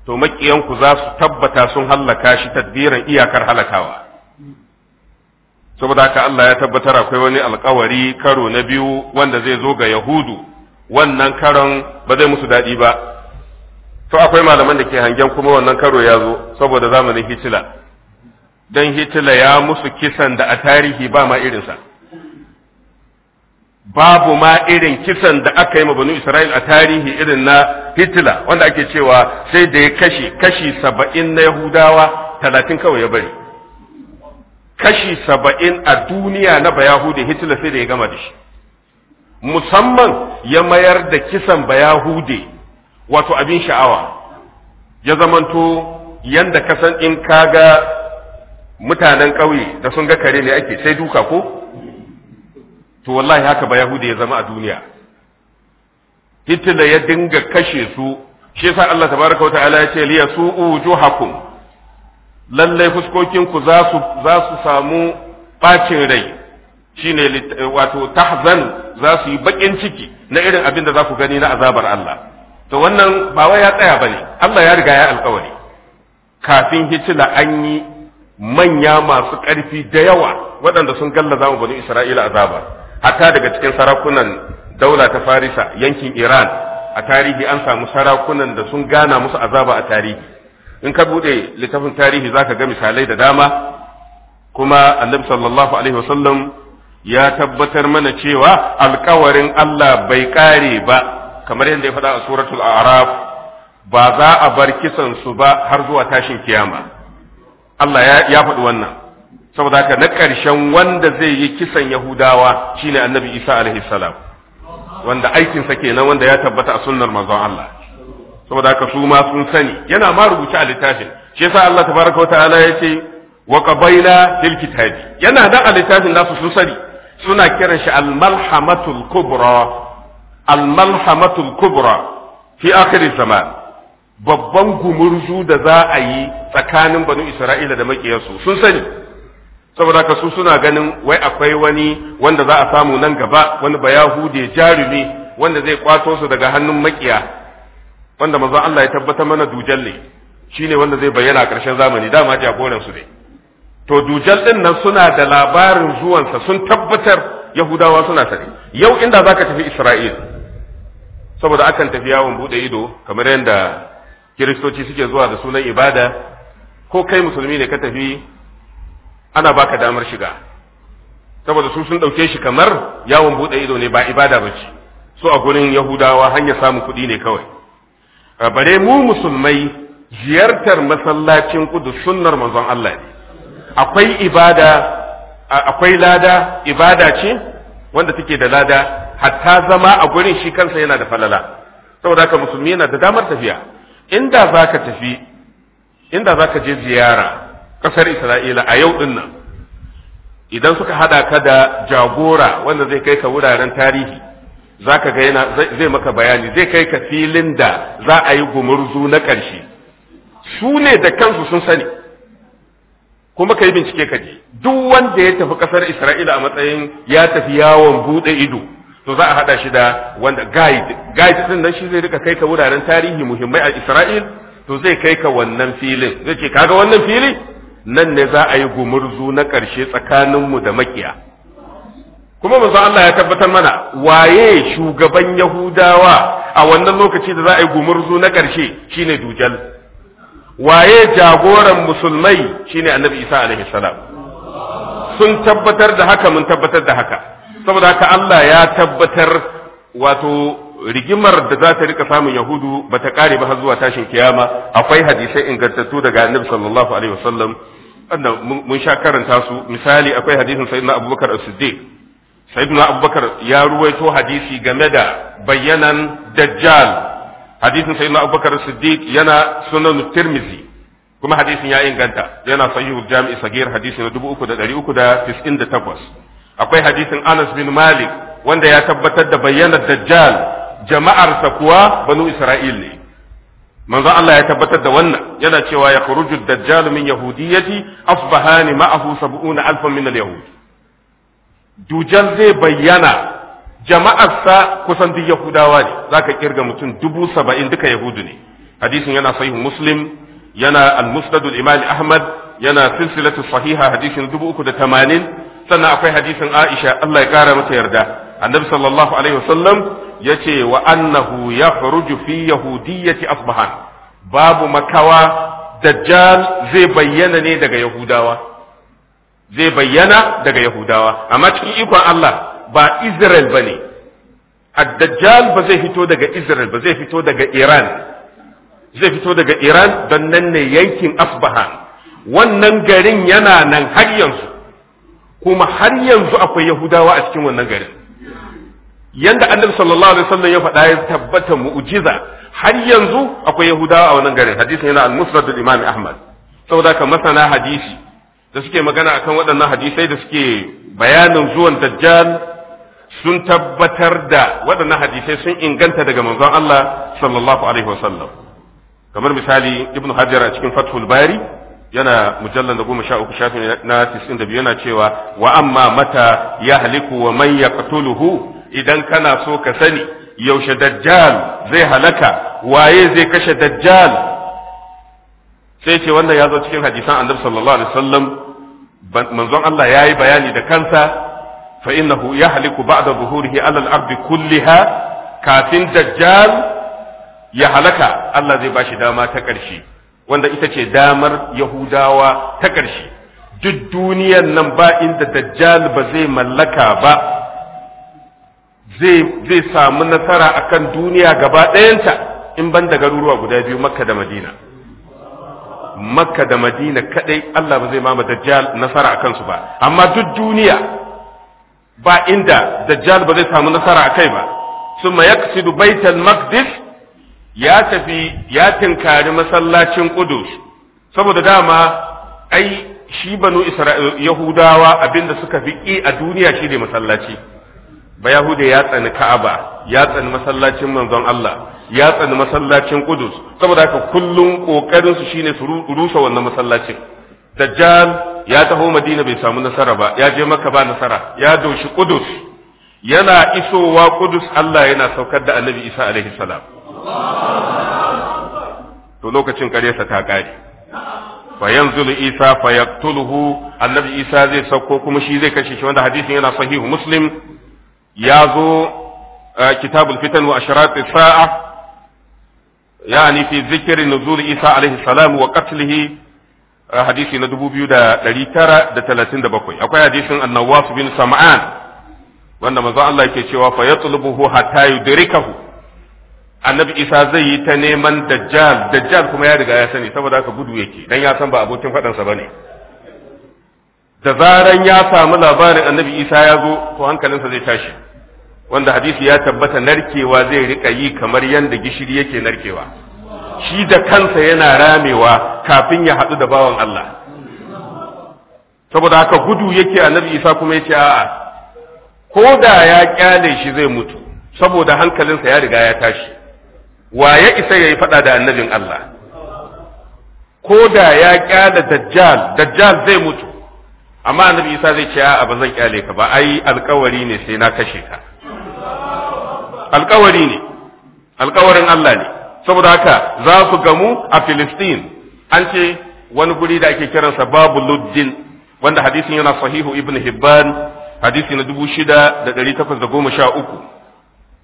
to makiyanku za su tabbata sun hallaka shi tadbiran iyakar halakawa saboda haka Allah ya tabbatar akwai wani alkawari karo na biyu wanda zai zo ga Yahudu wannan karon ba zai musu daɗi ba to akwai malaman da ke hangen kuma wannan karo ya zo saboda zamanin Hitler dan Hitler ya musu kisan da a tarihi ba ma irinsa babu ma irin kisan da aka yi ma banu Isra'il a tarihi irin na Hitler wanda ake cewa sai da ya kashe kashi saba'in na Yahudawa talatin kawai ya bari kashi saba'in a duniya na Bayahudi Hitler sai da ya gama da shi musamman ya mayar da kisan Bayahudi wato abin sha'awa ya zamanto yanda kasan in kaga mutanen ƙauye da sun ga kare ne ake sai duka ko to wallahi haka ba yahudi ya zama a duniya hitler ya dinga kashe su shi yasa Allah tabaraka wa ta'ala ya ce liya su'u juhakum lalle fuskokin ku za su za su samu bacin rai shine wato tahzan za su yi bakin ciki na irin abin da za ku gani na azabar Allah to wannan ba wai ya tsaya bane Allah ya riga ya alƙawari kafin hitila an yi manya masu ƙarfi da yawa waɗanda sun gallaza mu bani Isra'ila azaba hatta daga cikin sarakunan daula ta farisa yankin iran a tarihi an samu sarakunan da sun gana musu azaba a tarihi in ka bude littafin tarihi za ka ga misalai da dama kuma annabi sallallahu alaihi wasallam ya tabbatar mana cewa alkawarin Allah bai kare ba kamar yadda ya faɗa a suratul a'raf ba za a bar kisan su ba har zuwa tashin kiyama Allah ya faɗi wannan saboda haka na ƙarshen wanda zai yi kisan yahudawa shine annabi isa alaihi salam wanda aikinsa kenan wanda ya tabbata a sunnar manzon Allah saboda haka su ma sun sani yana ma rubuce a littafin shi yasa Allah tabaraka wataala ce wa qabaila fil kitabi yana da a littafin nasu sun sani suna kiran shi al malhamatul kubra al malhamatul kubra fi akhir zaman babban gumurzu da za a yi tsakanin banu isra'ila da makiyarsu sun sani saboda ka su suna ganin wai akwai wani wanda za a samu nan gaba wani bayahude jarumi wanda zai kwato su daga hannun makiya wanda manzo Allah ya tabbata mana dujal ne shine wanda zai bayyana karshen ƙarshen zamani dama jagoran su ne to dujal din nan suna da labarin zuwansa sun tabbatar yahudawa suna sare yau inda zaka tafi Isra'il saboda akan tafi yawon bude ido kamar yadda kiristoci suke zuwa da sunan ibada ko kai musulmi ne ka tafi ana baka damar shiga saboda su sun ɗauke shi kamar yawon buɗe ido ne ba ibada ba ce su a gurin yahudawa hanyar samun kuɗi ne kawai bare mu musulmai ziyartar masallacin kudu sunnar manzon Allah ne akwai ibada akwai lada ibada ce wanda take da lada hatta zama a gurin shi kansa yana da falala saboda haka musulmi yana da damar tafiya inda zaka tafi inda zaka je ziyara ƙasar isra'ila a yau ɗin nan idan suka haɗa ka da jagora wanda zai kai ka wuraren tarihi za ka ga yana zai maka bayani zai kai ka filin da za a yi gumurzu na ƙarshe su ne da kansu sun sani kuma ka yi bincike ka je duk wanda ya tafi ƙasar isra'ila a matsayin ya tafi yawon buɗe ido to za a haɗa shi da wanda guide guide ɗin nan shi zai rika kai ka wuraren tarihi muhimmai a isra'il to zai kai ka wannan filin zai ce kaga wannan fili nan ne za a yi gumurzu na ƙarshe tsakaninmu da makiya kuma manzo Allah ya tabbatar mana waye shugaban Yahudawa a wannan lokaci da za a yi gumurzu na ƙarshe shine dujal waye jagoran musulmai shine annabi Isa alaihi salam sun tabbatar da haka mun tabbatar da haka saboda haka Allah ya tabbatar wato rigimar da za ta rika samun yahudu ba ta kare ba har zuwa tashin kiyama akwai hadisai ingantattu daga annabi sallallahu alaihi wasallam annan mun sha karanta su misali akwai hadisin sayyidina abubakar as-siddiq sayyidina abubakar ya ruwaito hadisi game da bayanan dajjal hadisin sayyidina abubakar as-siddiq yana sunan tirmizi kuma hadisin ya inganta yana sahihul jami'i sagir hadisi na 3398 akwai hadisin anas bin malik wanda ya tabbatar da bayyanar dajjal jama'arsa kuwa banu Isra'il ne manzon Allah ya tabbatar da wannan yana cewa ya khuruju dajjal min yahudiyyati asbahani ma'ahu 70 min al-yahud dujal zai bayyana jama'arsa kusan duk yahudawa ne zaka kirga mutum dubu saba'in duka yahudu ne hadisin yana sahih muslim yana al-musnad al-imam ahmad yana silsilatu sahiha hadisin dubu uku da tamanin sannan akwai hadisin aisha Allah ya kara mata yarda annabi sallallahu alaihi wasallam Ya ce wa annahu ya fi yahudiyyati asbahan babu makawa dajjal zai bayyana ne daga yahudawa zai bayyana daga yahudawa amma cikin ikon Allah ba Israel bane ad-dajjal ba zai fito daga Israel ba zai fito daga Iran zai fito daga Iran don nan ne yankin asbahan wannan garin yana nan har yanzu kuma har yanzu akwai yahudawa a cikin wannan garin yanda annabi sallallahu alaihi wasallam ya faɗa ya tabbata mu'jiza har yanzu akwai yahudawa a wannan gari hadisin yana al-musnad al-imam ahmad saboda ka masana hadisi da suke magana akan waɗannan hadisai da suke bayanin zuwan dajjal sun tabbatar da waɗannan hadisai sun inganta daga manzon Allah sallallahu alaihi wasallam kamar misali ibnu hajar a cikin fathul bari yana mujallar da goma sha uku shafi na tisin da biyu yana cewa wa amma mata ya haliku wa man ya idan kana so ka sani yaushe dajjal zai halaka waye zai kashe dajjal sai ce wannan ya zo cikin hadisan annabi sallallahu alaihi wasallam manzon Allah yayi bayani da kansa fa innahu yahliku ba'da zuhurihi ala al-ardi kulliha kafin dajjal ya halaka Allah zai bashi dama ta ƙarshe wanda ita ce damar yahudawa ta ƙarshe duk duniyar nan ba inda dajjal ba zai mallaka ba zai samu nasara akan duniya gaba ɗayanta in ban da garuruwa guda biyu makka da madina makka da madina kadai Allah ba zai mama dajjal nasara a kansu ba amma duk duniya ba inda dajjal ba zai samu nasara a kai ba sun ma yaksidu baital maqdis ya tafi ya tinkari masallacin qudus saboda dama ai shi banu isra'il yahudawa abinda suka fi a duniya shi ne masallaci bayahude ya tsani ka'aba ya tsani masallacin manzon Allah ya tsani masallacin Qudus saboda haka kullum kokarin su shine su rusa wannan masallacin dajjal ya taho Madina bai samu nasara ba ya je Makka ba nasara ya doshi Qudus yana isowa Qudus Allah yana saukar da Annabi Isa alaihi salam to lokacin karyarsa ta kare fa yanzulu Isa fa yaqtuluhu Annabi Isa zai sauko kuma shi zai kashe shi wanda hadisin yana sahihu Muslim ya zo kitabul fitan wa asharat sa'a yani fi zikri nuzul isa alaihi salam wa qatlihi hadisi na 2937 akwai hadisin annawas bin sam'an wanda manzo Allah yake cewa fa yatlubuhu hatta yudrikahu annabi isa zai yi ta neman dajjal dajjal kuma ya riga ya sani saboda haka gudu yake dan ya san ba abokin fadansa bane da zaran ya samu labarin annabi isa ya zo to hankalinsa zai tashi wanda hadisi ya tabbata narkewa zai rika yi kamar yadda gishiri yake narkewa shi da kansa yana ramewa kafin ya haɗu da bawan Allah saboda haka gudu yake annabi isa kuma ya ce a'a ko da ya kyale shi zai mutu saboda hankalinsa ya riga ya tashi wa ya isa ya yi faɗa da annabin Allah ko da ya kyale dajjal dajjal zai mutu amma annabi isa zai ce a ba zan kyale ka ba ai alkawari ne sai na kashe ka alkawari ne alkawarin Allah ne saboda haka za su gamu a Filistin an ce wani guri da ake kiransa babu luddin wanda hadisin yana sahihu ibn hibban hadisi na dubu shida da ɗari takwas da goma sha uku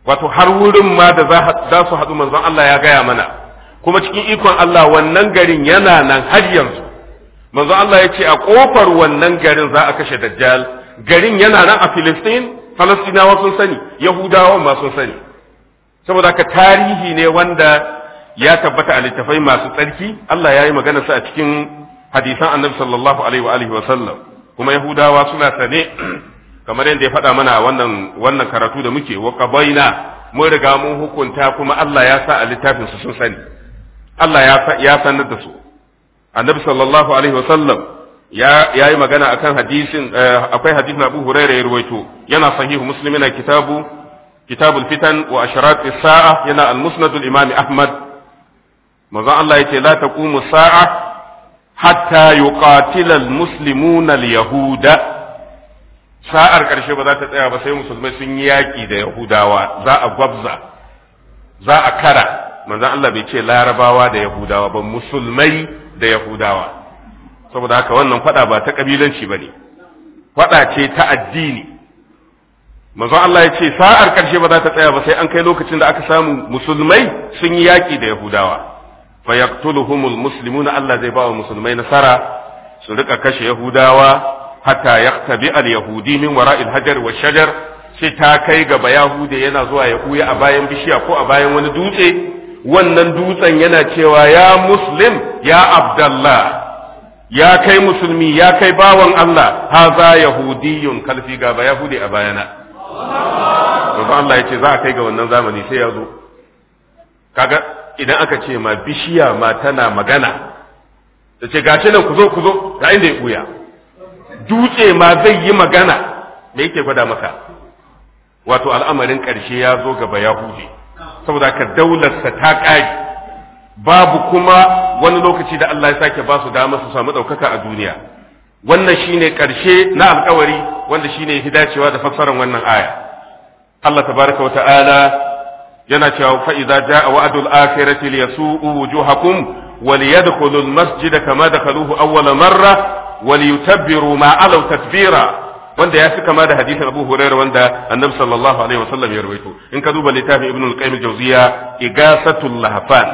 wato har wurin ma da za su haɗu manzon Allah ya gaya mana kuma cikin ikon Allah wannan garin yana nan har yanzu manzo Allah ya ce a kofar wannan garin za a kashe dajjal garin yana nan a Filistin Falastinawa sun sani Yahudawa ma sun sani saboda ka tarihi ne wanda ya tabbata a littafai masu tsarki Allah ya yi magana sa a cikin hadisan Annabi sallallahu alaihi wa alihi kuma Yahudawa suna sane (clears throat) kamar yadda ya faɗa mana wannan wannan karatu da muke wa qabaina mun riga mun hukunta kuma Allah ya sa a littafin su sun sani Allah ya ya sanar da su annabi sallallahu alaihi wasallam ya yayi magana akan hadisin eh, akwai hadisin Abu Hurairah ya ruwaito yana sahihu Muslim na kitabu kitabul fitan wa asharat as-sa'a yana al-musnad al-imam Ahmad manzo Allah yace la taqumu sa'a hatta yuqatila al-muslimuna al-yahuda sa'ar karshe ba za ta tsaya ba sai musulmai sun yi yaki da yahudawa za a gwabza za a kara manzo Allah bai ce larabawa da yahudawa ba musulmai da yahudawa saboda haka wannan faɗa ba ta ƙabilanci ba ne faɗa ce ta addini manzon Allah ya ce sa'ar ƙarshe ba za ta tsaya ba sai an kai lokacin da aka samu musulmai sun yi yaƙi da yahudawa fa musulmi na Allah zai ba wa musulmai nasara su rika kashe yahudawa hatta yaqtabi al yahudi min wara'il hajar wa shajar sai ta kai gaba yahude yana zuwa ya kuya a bayan bishiya ko a bayan wani dutse wannan dutsen yana cewa ya muslim ya abdallah ya kai musulmi ya kai bawan Allah haza yahudiyun kalfi ga ba yahudi a bayana manzo Allah yace za a kai ga wannan zamani sai ya zo kaga idan aka ce ma bishiya ma tana magana ta ce gashi nan ku zo ku zo ga inda ya buya dutse ma zai yi magana me yake gwada maka wato al'amarin ƙarshe ya zo gaba yahudi saboda ka daularsa ta ƙari babu kuma wani lokaci da Allah ya sake ba su dama su samu ɗaukaka a duniya wannan shine ƙarshe na alkawari wanda shine yafi dacewa da fassarar wannan aya Allah tabaraka wa ta'ala yana cewa fa idza jaa wa'dul akhirati liyasu'u wujuhakum wa liyadkhulu al-masjid kama dakhaluhu awwala marra wa liyutabbiru ma alaw tadbira wanda ya fi kama da hadisin Abu Hurairah wanda Annabi sallallahu alaihi wasallam ya rawaito in ka duba littafin Ibn al-Qayyim al-Jawziyya Igasatul Lahfan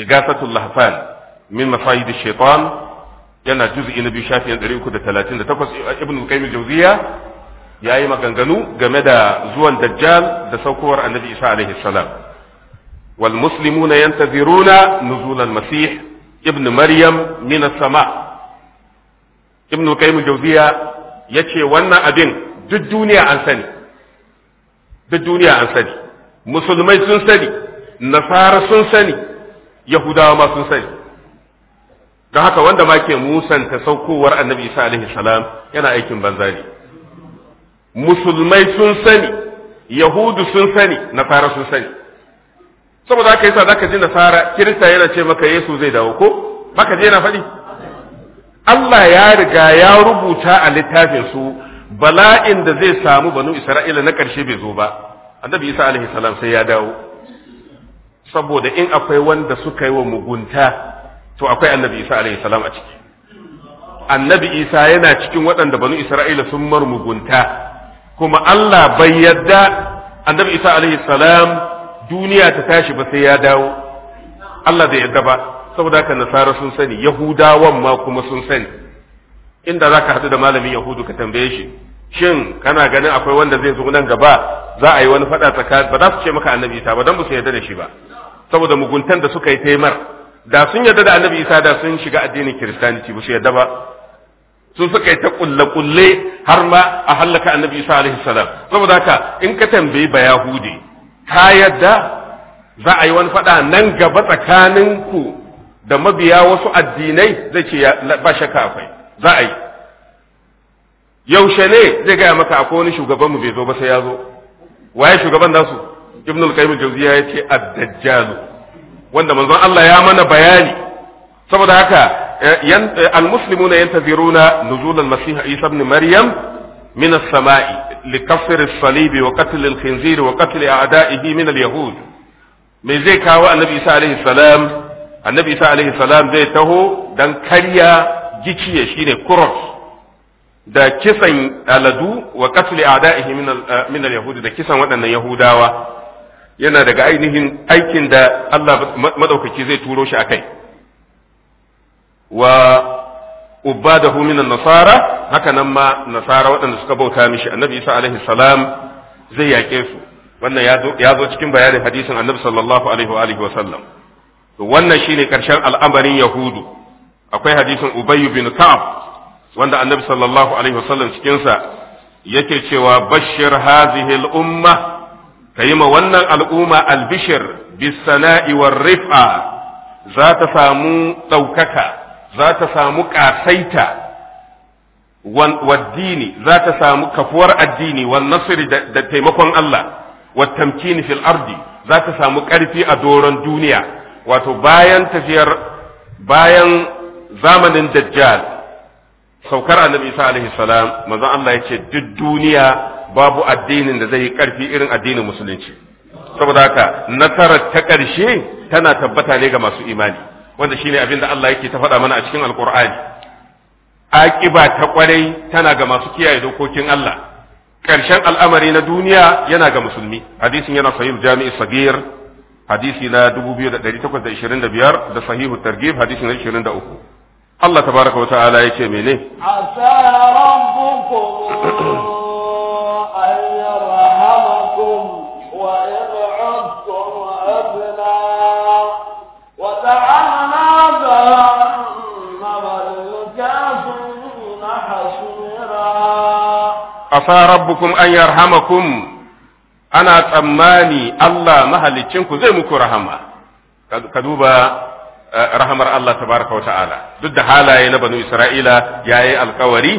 Igasatul Lahfan min mafayid ash-shaytan yana juz'i na biyu shafin 338 Ibn al-Qayyim al-Jawziyya yayi maganganu game da zuwan Dajjal da saukowar Annabi Isa alaihi salam wal muslimuna yantaziruna nuzul al-Masih ibn Maryam min as-sama' ibn qayyim al-Jawziyya ya ce wannan abin duk duniya an sani duk duniya an sani musulmai sun sani nasara sun sani yahudawa ma sun sani don haka wanda ma ke musanta saukowar annabi isa alaihi salam yana aikin banza ne musulmai sun sani yahudu sun sani nasara sun sani saboda haka yasa zaka ji nasara kirista yana ce maka yesu zai dawo ko baka je yana faɗi Allah ya riga ya rubuta a littafin su bala'in da zai samu banu Isra'ila na ƙarshe bai zo ba annabi Isa alaihi salam sai ya dawo saboda in akwai wanda suka yi wa mugunta to akwai annabi Isa alaihi salam a ciki annabi Isa yana cikin waɗanda banu Isra'ila sun mar mugunta kuma Allah bai yadda annabi Isa alaihi salam duniya ta tashi ba sai ya dawo Allah bai yadda ba saboda haka nasara sun sani yahudawan ma kuma sun sani inda za ka haɗu da malamin yahudu ka tambaye shi shin kana ganin akwai wanda zai zo nan gaba za a yi wani faɗa tsaka ba za su ce maka annabi isa ba don ba su yarda da shi ba saboda muguntan da suka yi taimar da sun yarda da annabi isa da sun shiga addinin kiristanci ba su yarda ba su suka yi ta kulle kulle har ma a hallaka annabi isa alaihi salam saboda haka in ka tambayi ba yahudi ka yarda za a yi wani faɗa nan gaba tsakanin ku da mabiya wasu addinai zai ce ba shakka akwai za a yi yaushe ne zai gaya maka akwai wani shugabanmu bai zo ba sai ya zo waye shugaban nasu ibn al-qayyim jawziya ya ce ad-dajjal wanda manzon Allah ya mana bayani saboda haka eh, eh, al-muslimuna yantaziruna nuzul al-masih isa ibn maryam min as-sama'i likasr as-salib wa qatl al-khinzir wa qatl a'da'ihi min al-yahud me zai kawo annabi isa alaihi salam annabi isa alaihi salam zai taho dan karya gikiya shine cross da kisan aladu wa katli a'da'ihi eh, min al-yahudi da kisan waɗannan yahudawa yana daga ainihin aikin da Allah madaukaki zai turo shi akai wa ubadahu min nasara haka nan ma nasara waɗanda suka bauta mishi annabi isa alaihi salam zai yaƙe su wannan ya zo cikin bayanin hadisin annabi sallallahu alaihi wa alihi wa sallam to wannan shine karshen al'amarin yahudu akwai hadisin ubayyu bin ka'ab wanda annabi sallallahu alaihi wasallam cikin sa yake cewa bashir hazihi al'umma kayi ma wannan al'umma albishir bisana'i war rif'a za ta samu ɗaukaka za ta samu ƙasaita waddini za ta samu kafuwar addini wan nasiri da taimakon Allah wa tamkini fil ardi za ta samu ƙarfi a doron duniya wato bayan tafiyar bayan zamanin dajjal saukar annabi isa alaihi salam manzo Allah ya ce duk duniya babu addinin da zai yi karfi irin addinin musulunci saboda haka nasarar ta karshe tana tabbata ne ga masu imani wanda shine abin da Allah yake ta faɗa mana a cikin alkur'ani aƙiba ta ƙwarai tana ga masu kiyaye dokokin Allah ƙarshen al'amari na duniya yana ga musulmi hadisin yana sahih jami'i sagir حديث لا دبو بيو دا دا بيار دا صحيح الترجيب حديث نا شرين دا أكو الله تبارك وتعالى يتي ميني عسى ربكم أن يرحمكم وإن أبنا أبناء وتعالى بأن مبلغاتنا حسيرا عسى ربكم أن يرحمكم ana tsammani Allah mahalicinku zai muku rahama ka duba eh, rahamar Allah ta baraka wa ta'ala duk da halaye na banu Isra'ila yayi alkawari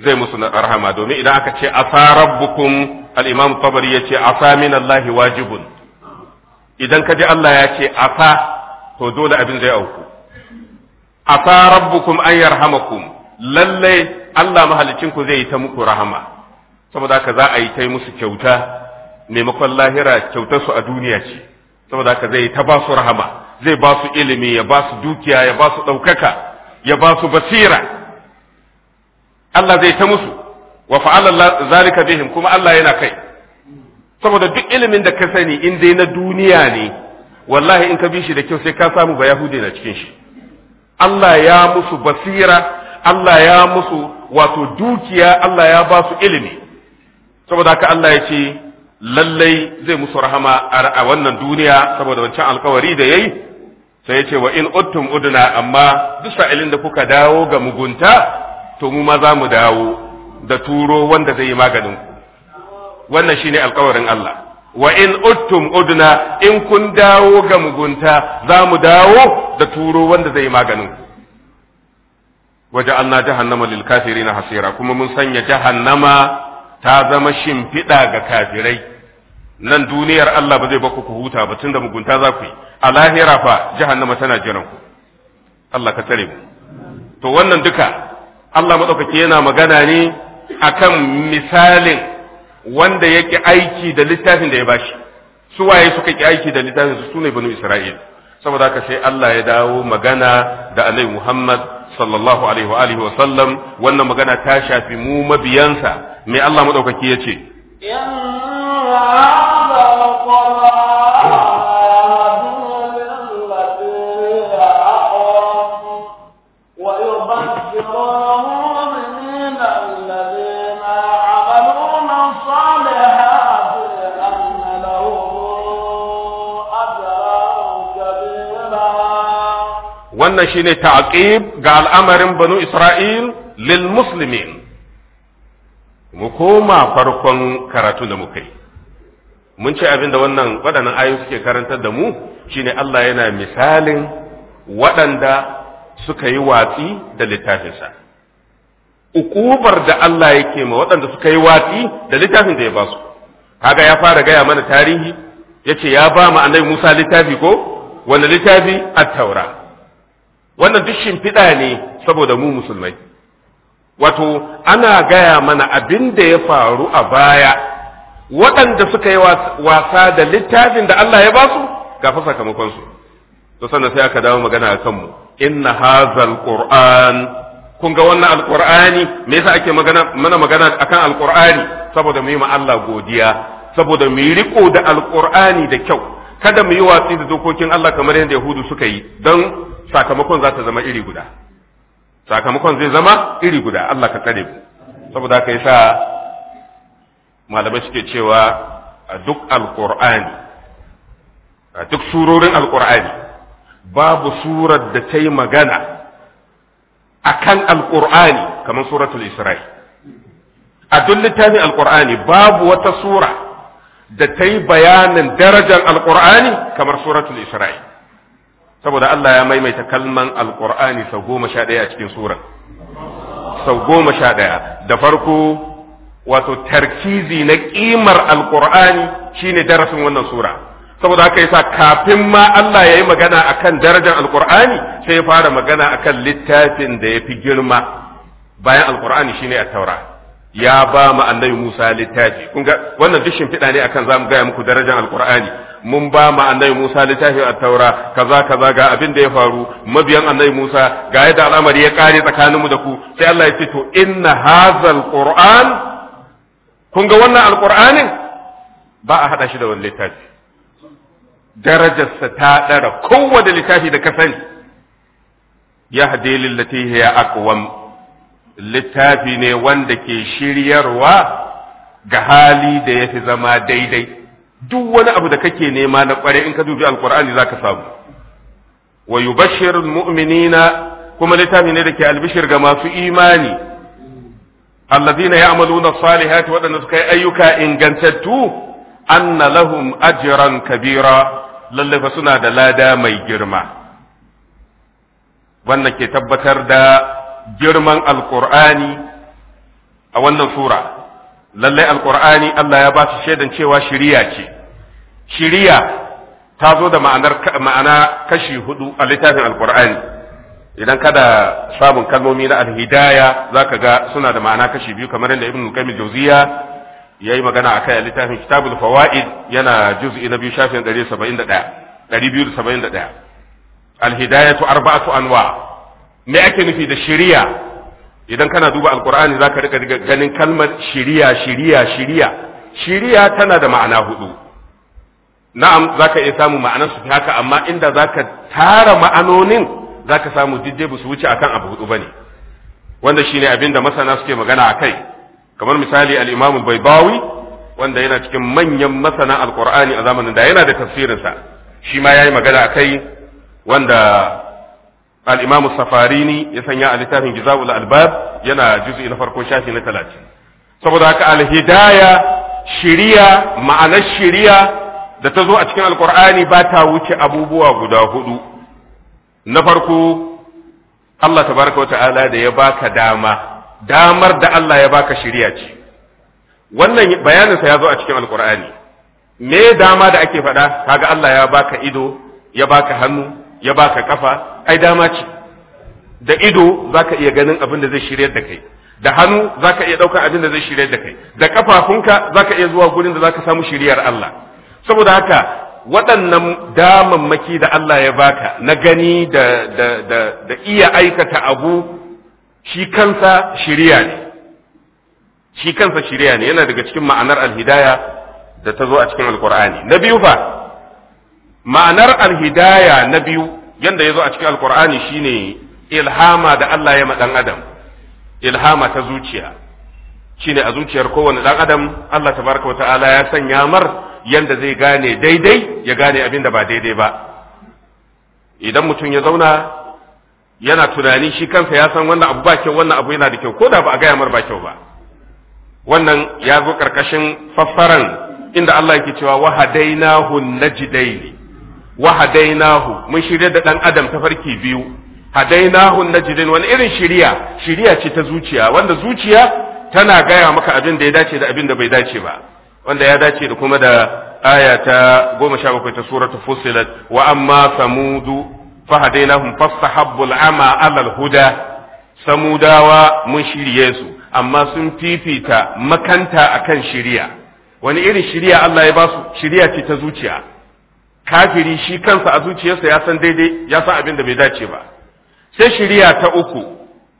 zai musu rahama domin idan aka ce asa rabbukum al-imam tabari yace asa min Allah wajibun idan ka ji Allah ya ce asa to dole abin zai auku asa rabbukum an yarhamakum lallai Allah mahalicinku zai yi ta muku rahama saboda haka za a yi ta musu kyauta maimakon lahira kyautar su a duniya ce saboda haka zai ta ba su rahama zai ba su ilimi ya ba su dukiya ya ba su ɗaukaka ya ba su basira Allah zai ta musu wa fa'ala zalika bihim kuma Allah yana kai saboda duk ilimin da ka sani in dai na duniya ne wallahi in ka bi shi da kyau sai ka samu ba yahudi na cikin shi Allah ya musu basira Allah ya musu wato dukiya Allah ya ba su ilimi saboda haka Allah ya ce lallai zai musu rahama a wannan duniya saboda wancan alkawari da yayi sai yace wa in uttum udna amma duk sa'ilin da kuka dawo ga mugunta to mu ma za mu dawo da turo wanda zai yi maganin ku wannan shine alkawarin Allah wa in uttum udna in kun dawo ga mugunta za mu dawo da turo wanda zai yi maganin ku waje Allah jahannama lil kafirin hasira kuma mun sanya jahannama ta zama shimfiɗa ga kafirai nan duniyar Allah ba zai baku ku huta ba tunda mugunta za ku yi a lahira fa jahannama tana jiran ku Allah ka tsare mu to wannan duka Allah madaukake yana magana ne akan misalin wanda yake aiki da littafin da ya bashi su waye suka ki aiki da littafin su sune banu Isra'il saboda haka sai Allah ya dawo magana da Annabi Muhammad sallallahu alaihi wa alihi wa sallam wannan magana ta shafi mu mabiyansa mai Allah madaukaki ya ce. wannan shine ta'qib ga al'amarin banu Isra'il lil muslimin mu koma farkon karatu da muka yi mun ce abin da wannan waɗannan ayoyi suke karantar da mu shine Allah yana misalin waɗanda suka yi watsi da littafinsa ukubar da Allah yake ma waɗanda suka yi watsi da littafin da ya ba su kaga ya fara gaya mana tarihi yace ya ba mu annabi Musa littafi ko wani littafi at-taura wannan duk shimfiɗa ne saboda mu musulmai wato ana gaya mana abin da ya faru a baya waɗanda suka yi wasa da littafin da Allah ya ba su ga fasa kamakonsu to sannan sai aka dawo magana a kanmu inna hazal qur'an kun ga wannan alqur'ani me yasa ake mana magana akan alqur'ani saboda mu yi ma Allah godiya saboda mu yi riko da alqur'ani da kyau kada mu yi watsi da dokokin Allah kamar yadda yahudu suka yi don sakamakon za ta zama iri guda sakamakon zai zama iri guda Allah ka tsare mu saboda yi yasa malamai suke cewa a duk alqur'ani a duk surorin alqur'ani babu surar da ta yi magana akan alqur'ani kamar suratul isra'i a duk littafin alqur'ani babu wata sura da ta yi bayanin darajar alqur'ani kamar suratul isra'i saboda Allah ya maimaita kalman alqur'ani sau goma sha ɗaya a cikin suran sau goma sha ɗaya da farko wato tarkizi na ƙimar alqur'ani shine darasin wannan sura saboda haka yasa kafin ma Allah ya yi magana akan darajar alqur'ani sai ya fara magana akan littafin da ya fi girma bayan alqur'ani shine at-taura ya ba mu annabi Musa littafi kun ga wannan duk shimfiɗa ne akan zamu gaya muku darajar alqur'ani mun ba ma annabi Musa littafin at-taura kaza kaza ga abin da ya faru mabiyan annabi Musa ga yadda al'amari ya kare tsakanin mu da ku sai Allah ya ce to inna hazal qur'an kun ga wannan alqur'anin ba a hada shi da wani littafi darajarsa ta dara kowane littafi da ka sani ya hade lillati ya aqwam littafi ne wanda ke shiryarwa ga hali da yafi zama daidai duk wani abu da kake nema na kware in ka dubi za zaka samu wa yubashshiru muminina kuma littafi ne da ke albishir ga masu imani alladhina ya'maluna salihati waɗanda suka yi ayyuka ingantattu anna lahum ajran kabira lalle fa suna da lada mai girma wannan ke tabbatar da girman alqur'ani a wannan sura lallai alqur'ani Allah ya ba su shaidan cewa shiriya ce shiriya ta zo da ma'ana kashi hudu a littafin alkur'ani idan kada samun kalmomi na alhidaya za ka ga suna da ma'ana kashi biyu kamar yadda ibn qayyim jauziya ya yi magana a kai a littafin kitabul fawaid yana juz'i na biyu shafin 271 alhidayatu arba'atu anwa me ake nufi da shiriya idan kana duba alkur'ani za ka rika ganin kalmar shiriya shiriya shiriya shiriya tana da ma'ana hudu na'am zaka iya samu ma'anar su haka amma inda zaka tara ma'anonin zaka samu didde ba su wuce akan abu hudu bane wanda shine abin da masana suke magana akai kamar misali al-Imam al wanda yana cikin manyan masana al-Qur'ani a zamanin da yana da tafsirin sa shi ma yayi magana akai wanda al-Imam safarini ya sanya a littafin Jizabul Albab yana juz'i na farko shafi na 30 saboda haka al-hidaya shiriya ma'anar shiriya da ta zo a cikin alkur'ani ba ta wuce abubuwa guda hudu na farko Allah tabaraka wa ta'ala da ya baka dama damar da Allah ya baka shiriya ce wannan bayaninsa ya zo a cikin alkur'ani me dama da ake faɗa kaga Allah ya baka ido ya baka hannu ya baka kafa ai dama ce da ido zaka iya ganin abin da zai shiryar da kai da hannu zaka iya ɗaukar abin da zai shiryar da kai da kafafunka zaka iya zuwa gurin da zaka samu shiryar Allah saboda haka waɗannan damammaki da Allah ya baka na gani da, da, da, da iya aikata abu shi kansa shiriya ne shi kansa shiriya ne yana daga cikin ma'anar alhidaya da ta zo a cikin alkur'ani na biyu fa ma'anar alhidaya na biyu yanda ya zo a cikin alkur'ani shine ilhama da Allah ya ma ɗan adam ilhama ta zuciya shine a zuciyar kowane ɗan adam Allah tabaraka wa ta'ala ya sanya mar yanda zai gane daidai ya gane abin da ba daidai ba idan mutum ya zauna yana tunani shi kansa ya san wannan abu ba kyau wannan abu yana da kyau ko da ba a gaya mar ba kyau ba wannan ya zo karkashin faffaran inda Allah yake cewa hadainahu najdaini hadainahu mun shirya da dan adam ta farki biyu hadainahu najdain wani irin shiriya shiriya ce ta zuciya wanda zuciya tana gaya maka abin da ya dace da abin da bai dace ba wanda ya dace da kuma da aya ta goma sha bakwai ta suratu fusilat wa amma samudu fahadainahum fastahabbul ama alal huda samudawa mun shirye su amma sun fifita makanta akan shiriya wani irin shiriya Allah ya basu shiriya ce ta zuciya kafiri shi kansa a zuciyarsa ya san daidai ya san abin da bai dace ba sai shiriya ta uku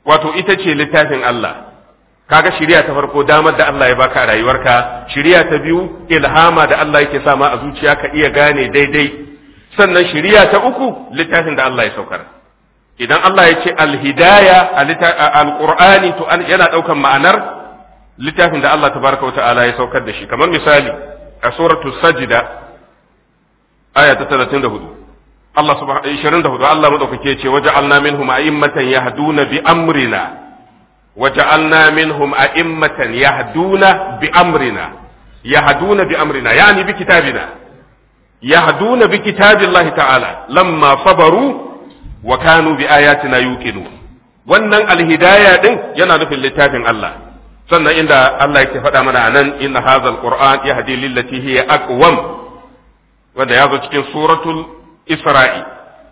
wato ita ce littafin Allah kaga shiriya ta farko damar da Allah ya baka a rayuwarka shiriya ta biyu ilhama da Allah yake sama a zuciya ka iya gane daidai sannan shiriya ta uku littafin da Allah ya saukar idan Allah ya ce alhidaya alqur'ani to yana daukan ma'anar littafin da Allah tabaraka wa ta'ala ya saukar da shi kamar misali a suratul sajida aya ta 34 Allah subhanahu 24 Allah madaukake ce waja'alna minhum a'immatan yahduna bi amrina waja'alna minhum a'immatan yahduna bi amrina yahduna bi amrina yani bi kitabina yahduna bi kitabillahi ta'ala lamma sabaru wa kanu wannan alhidaya din yana nufin littafin Allah sannan inda Allah yake faɗa mana anan inna hadha alquran yahdi lillati hiya aqwam wanda ya zo cikin suratul isra'i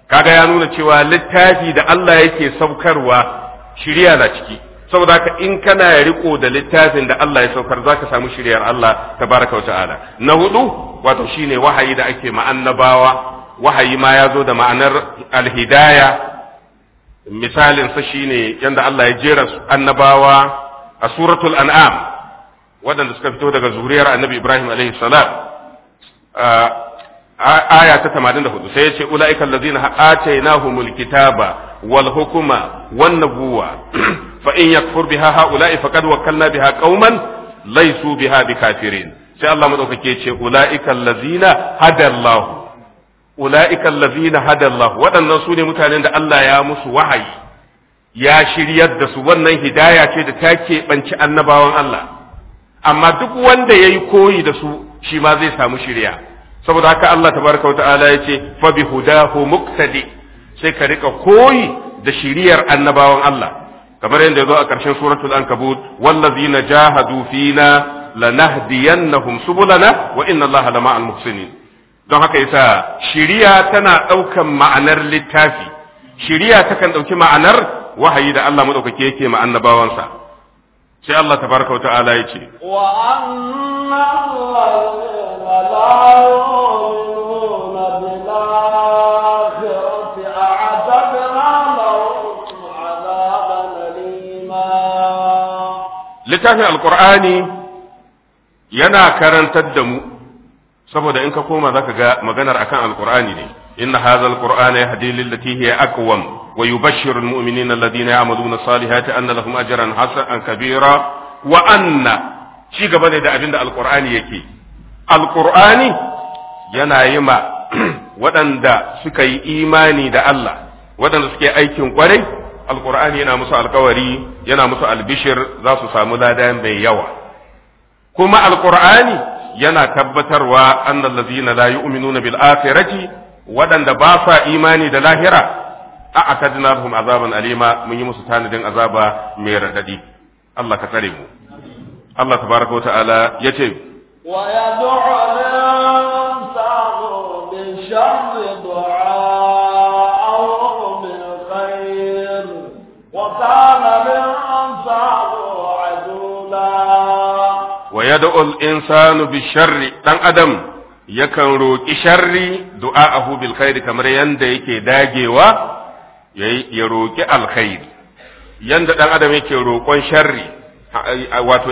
kaga ya nuna cewa littafi da Allah yake saukarwa shiriya na ciki saboda haka in kana riko da littafin da Allah ya saukar zaka samu shiryar Allah tabaraka ta'ala. na hudu wato shine wahayi da ake ma wahayi ma yazo da ma'anar alhidaya misalin sa shine yanda Allah ya jera annabawa a suratul an'am waɗanda suka fito daga zuriyar annabi Ibrahim alaihi salam aya ta 84 sai yace ulaika allazina atainahumul kitaba wal hukuma, wan (clears throat) fa in yakfur biha haula'i faqad wakkalna biha qauman laysu biha bikafirin sai Allah madaukake ce ulaika allazina hadallahu ulaika allazina hadallahu waɗannan su ne mutanen da Allah ya musu wahayi ya shiryar da su wannan hidaya ce da take banci annabawan Allah amma duk wanda yayi koyi da su shi ma zai samu shiriya saboda haka Allah tabaraka wata'ala ya ce fa bi hudahu muqtadi sai ka rika koyi da shiriyar annabawan Allah kamar yadda ya zo a ƙarshen suratul wallazi na jahadu fina lanahdiyannahum subulana wa inna allaha lama'al muhsinin don haka yasa shiriya tana ɗaukan ma'anar littafi shiriya takan ɗauki ma'anar wahayi da Allah madaukake yake ma annabawansa sai Allah ta wa ta'ala ya ce wa anna la yu'minuna billah littafin alkur'ani yana karantar da mu saboda in ka koma zaka ga maganar akan alkur'ani ne inna hadha alqur'ana yahdi lillati hiya aqwam wa yubashshiru almu'minina alladhina ya'maluna salihati anna lahum ajran hasanan kabira wa anna ci gaba ne da abinda alkur'ani yake alkur'ani yana yi ma (clears throat) waɗanda suka yi imani da Allah waɗanda suke aikin kwarai alkur'ani yana musu alkawari yana musu albishir za su samu lada mai yawa kuma alkur'ani yana tabbatarwa annal ladzina la yu'minuna bil akhirati wadanda ba sa imani da lahira a akadnahum azaban alima mun yi musu tanadin azaba mai radadi Allah ka tsare mu Allah tabaraka wa ta'ala yace wa yad'u al-insanu bi sharri du'a wa yad'ul insanu ɗan adam yakan roki sharri du'a'ahu bil khairi kamar yanda yake dagewa ya roki alkhairi yanda dan adam yake roƙon sharri wato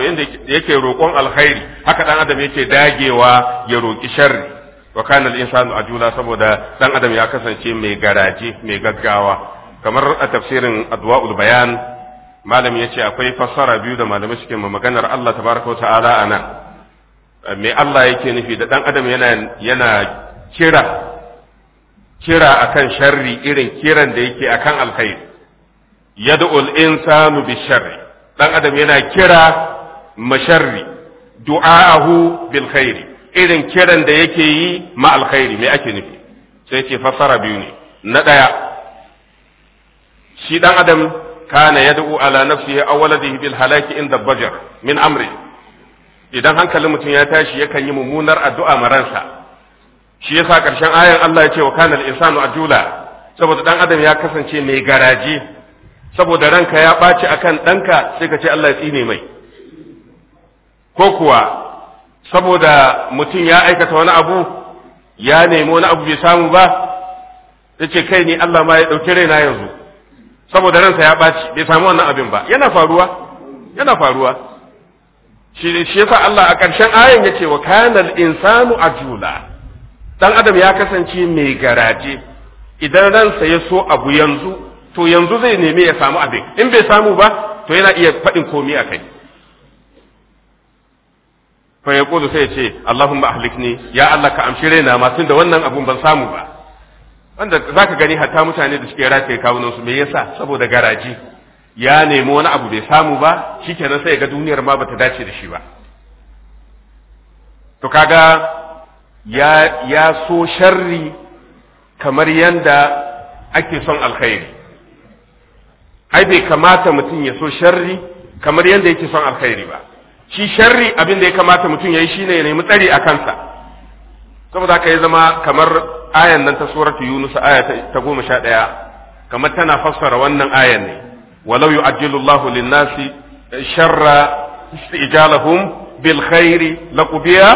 yake roƙon alkhairi haka dan adam yake dagewa ya roƙi sharri wa kana al insanu saboda ɗan adam ya kasance mai garaje mai gaggawa kamar a tafsirin adwa'ul bayan malam ya ce akwai fassara biyu da malamai suke ma maganar Allah tabaraka wa ta'ala a me Allah yake nufi da dan adam yana yana kira kira akan sharri irin kiran da yake akan alkhairi yad'ul insanu bi sharri dan adam yana kira masharri du'a'ahu bil khair irin kiran da yake yi ma alkhair me ake nufi sai ce fassara biyu ne na ɗaya. shi dan adam kana yad'u ala nafsihi aw waladihi bil halaki inda bajar min amri idan hankalin mutum ya tashi yakan yi mummunar addu'a ma ransa shi yasa karshen ayan Allah ya ce wa kana al-insanu ajula saboda dan adam ya kasance mai garaje saboda ranka ya a kan ɗanka sai ka ce Allah ya tsine mai ko kuwa saboda mutum ya aikata wani abu ya nemi wani abu bai samu ba ya ce kai ne Allah ma ya ɗauki raina yanzu saboda ransa ya ɓaci bai samu wannan abin ba yana faruwa yana faruwa shi shi yasa Allah a ƙarshen ayan ya ce wa kana al-insanu ajula dan adam ya kasance mai garaje idan ransa ya so abu yanzu to yanzu zai nemi ya samu abin in bai samu ba to yana iya faɗin komi a kai fa ya sai ya ce Allahumma ahlikni ya Allah ka amshi raina ma tunda wannan abun ban samu ba wanda za ka gani hatta mutane da suke rataye kawunansu me yasa saboda garaji ya nemi wani abu bai samu ba shikenan sai ga duniyar ma bata dace da shi ba to kaga ya ya so sharri kamar yanda ake son alkhairi ai bai kamata mutum ya so sharri kamar yanda yake son alkhairi ba shi sharri abin da ya kamata mutum ya yi shine ya nemi tsari a kansa saboda ka ya zama kamar ayan nan ta suratu yunus aya ta goma sha ɗaya kamar tana fassara wannan ayan ne walau yu'ajjilu Allahu lin-nasi sharra istijalahum bil khairi laqudiya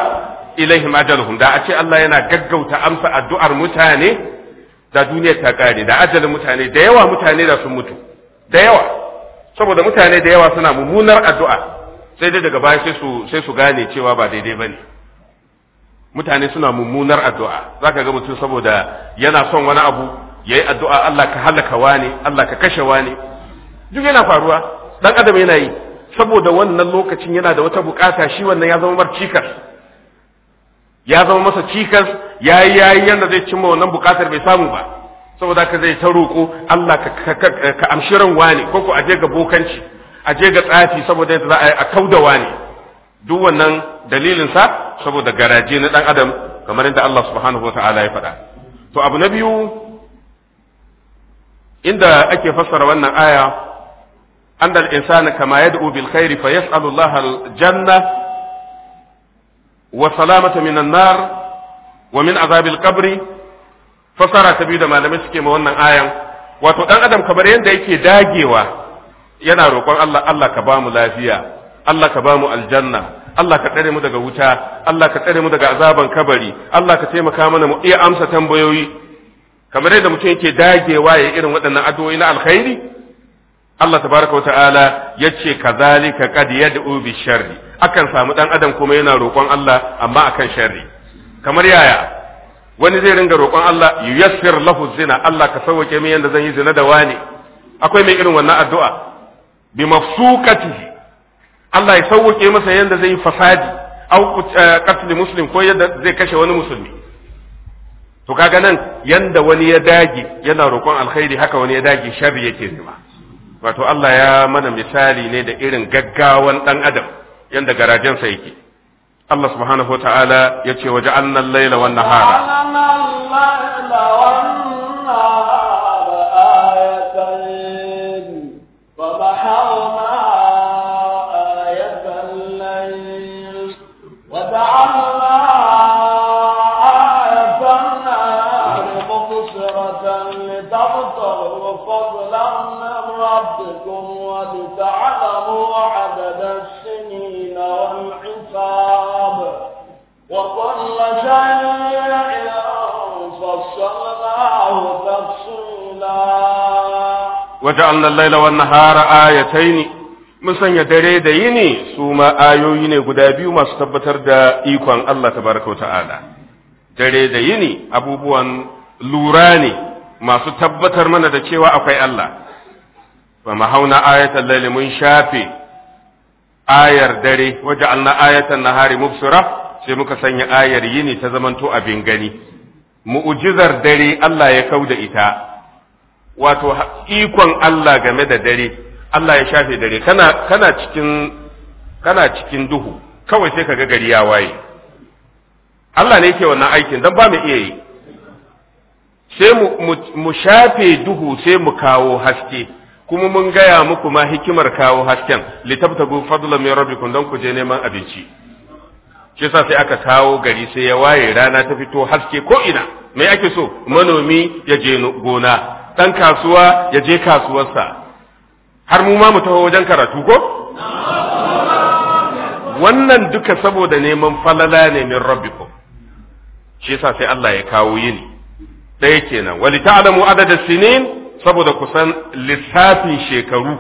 ilaihim ajaluhum da a ce Allah yana gaggauta amsa addu'ar mutane da duniya ta kare da ajalin mutane da yawa mutane da sun mutu da yawa saboda mutane da yawa suna mummunar addu'a sai dai daga baya sai su sai su gane cewa ba daidai bane mutane suna mummunar addu'a Za ka ga mutum saboda yana son wani abu ya yi addu'a Allah ka halaka wani Allah ka kashe wani duk yana faruwa dan adam yana yi saboda wannan lokacin yana da wata bukata shi wannan ya zama mar cikas ya zama masa cikas ya yi yi yanda zai cimma wannan bukatar bai samu ba saboda ka zai ta roƙo Allah ka amshi ran wani ko ko aje ga bokanci aje ga tsafi saboda yadda za a kauda wani duk wannan dalilin sa saboda garaje na dan adam kamar inda Allah subhanahu ta'ala ya faɗa to abu na biyu inda ake fassara wannan aya an da insana kama yad'u bil khairi fa yas'alu Allah al janna wa salamata nar wa min azabil qabri fassara ta biyu da malamai suke ma wannan ayan wato ɗan adam kamar yadda yake dagewa yana roƙon Allah Allah ka ba mu lafiya Allah ka bamu aljanna Allah ka tsare mu daga wuta Allah ka tsare mu daga azaban kabari Allah ka taimaka mana mu iya amsa tambayoyi kamar yadda mutum yake dagewa ya irin waɗannan addu'o'i na alkhairi Allah tabaraka wa ta'ala yace kazalika qad yad'u bi sharri akan samu ɗan adam kuma yana roƙon Allah amma akan sharri kamar yaya wani zai ringa roƙon Allah yuyassir lahu zina Allah ka sauke min yanda zan yi zina da wani akwai mai irin wannan addu'a bi mafsuqati Allah ya sauwake masa yadda zai yi fasadi au eh, qatl muslim ko yadda zai kashe wani musulmi to kaga nan yanda wani ya dage yana roƙon alkhairi haka wani ya dage sharri yake nema wato Allah ya mana misali ne da irin gaggawan dan adam yanda garajensa yake Allah subhanahu wa ta'ala ya ce waje ja'alna al-laila wan nahara وجعلنا الليل والنهار آيتين mun sanya dare da yini su ma ayoyi ne guda biyu masu tabbatar da ikon Allah tabaraka ta'ala dare da yini abubuwan lura ne masu tabbatar mana da cewa akwai Allah ba mahauna ayatan laili mun shafe ayar dare waje alna ayatan nahari mubsira sai muka sanya ayar yini ta zamanto abin gani mu'ujizar dare Allah ya kauda ita wato ikon Allah game da dare Allah ya shafe dare kana kana cikin kana cikin duhu kawai sai kaga gari ya waye Allah ne yake wannan aikin dan ba mu iya yi sai mu shafe duhu sai mu kawo haske kuma mun gaya muku ma hikimar kawo hasken litabtagu fadlan min rabbikum dan ku je neman abinci shi yasa sai aka kawo gari sai ya waye rana ta fito haske ko ina me ake so manomi ya je gona ɗan kasuwa ya je kasuwarsa har mu ma mu taho wajen karatu ko wannan duka saboda neman falala ne min rabbikum shi yasa sai Allah ya kawo yini ɗaya kenan wali ta'lamu adada sinin saboda kusan lissafin shekaru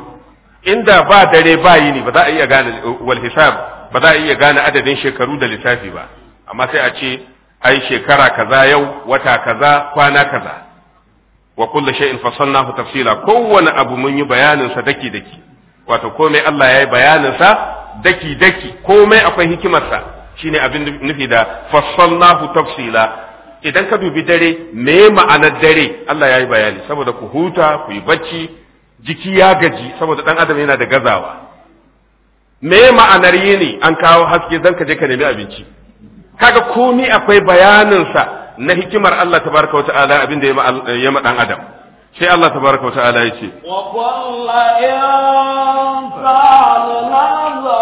inda ba dare ba yini ba za a iya gane wal hisab ba za a iya gane adadin shekaru da lissafi ba amma sai a ce ai shekara kaza yau wata kaza kwana kaza wa kullu shay'in fasalnahu tafsila kowane abu mun yi bayanin sa daki daki wato komai Allah ya yi bayanin sa daki daki komai akwai hikimar sa shine abin nufi da fasalnahu tafsila idan ka dubi dare me ma'anar dare Allah ya yi bayani saboda ku huta ku yi bacci jiki ya gaji saboda dan adam yana da gazawa me ma'anar yini an kawo haske dan ka je ka nemi abinci kaga komai akwai bayanin sa na hikimar Allah tabaraka wa ta'ala abin da ya ma dan adam sai Allah tabaraka wa ta'ala ya ce wa qalla insanu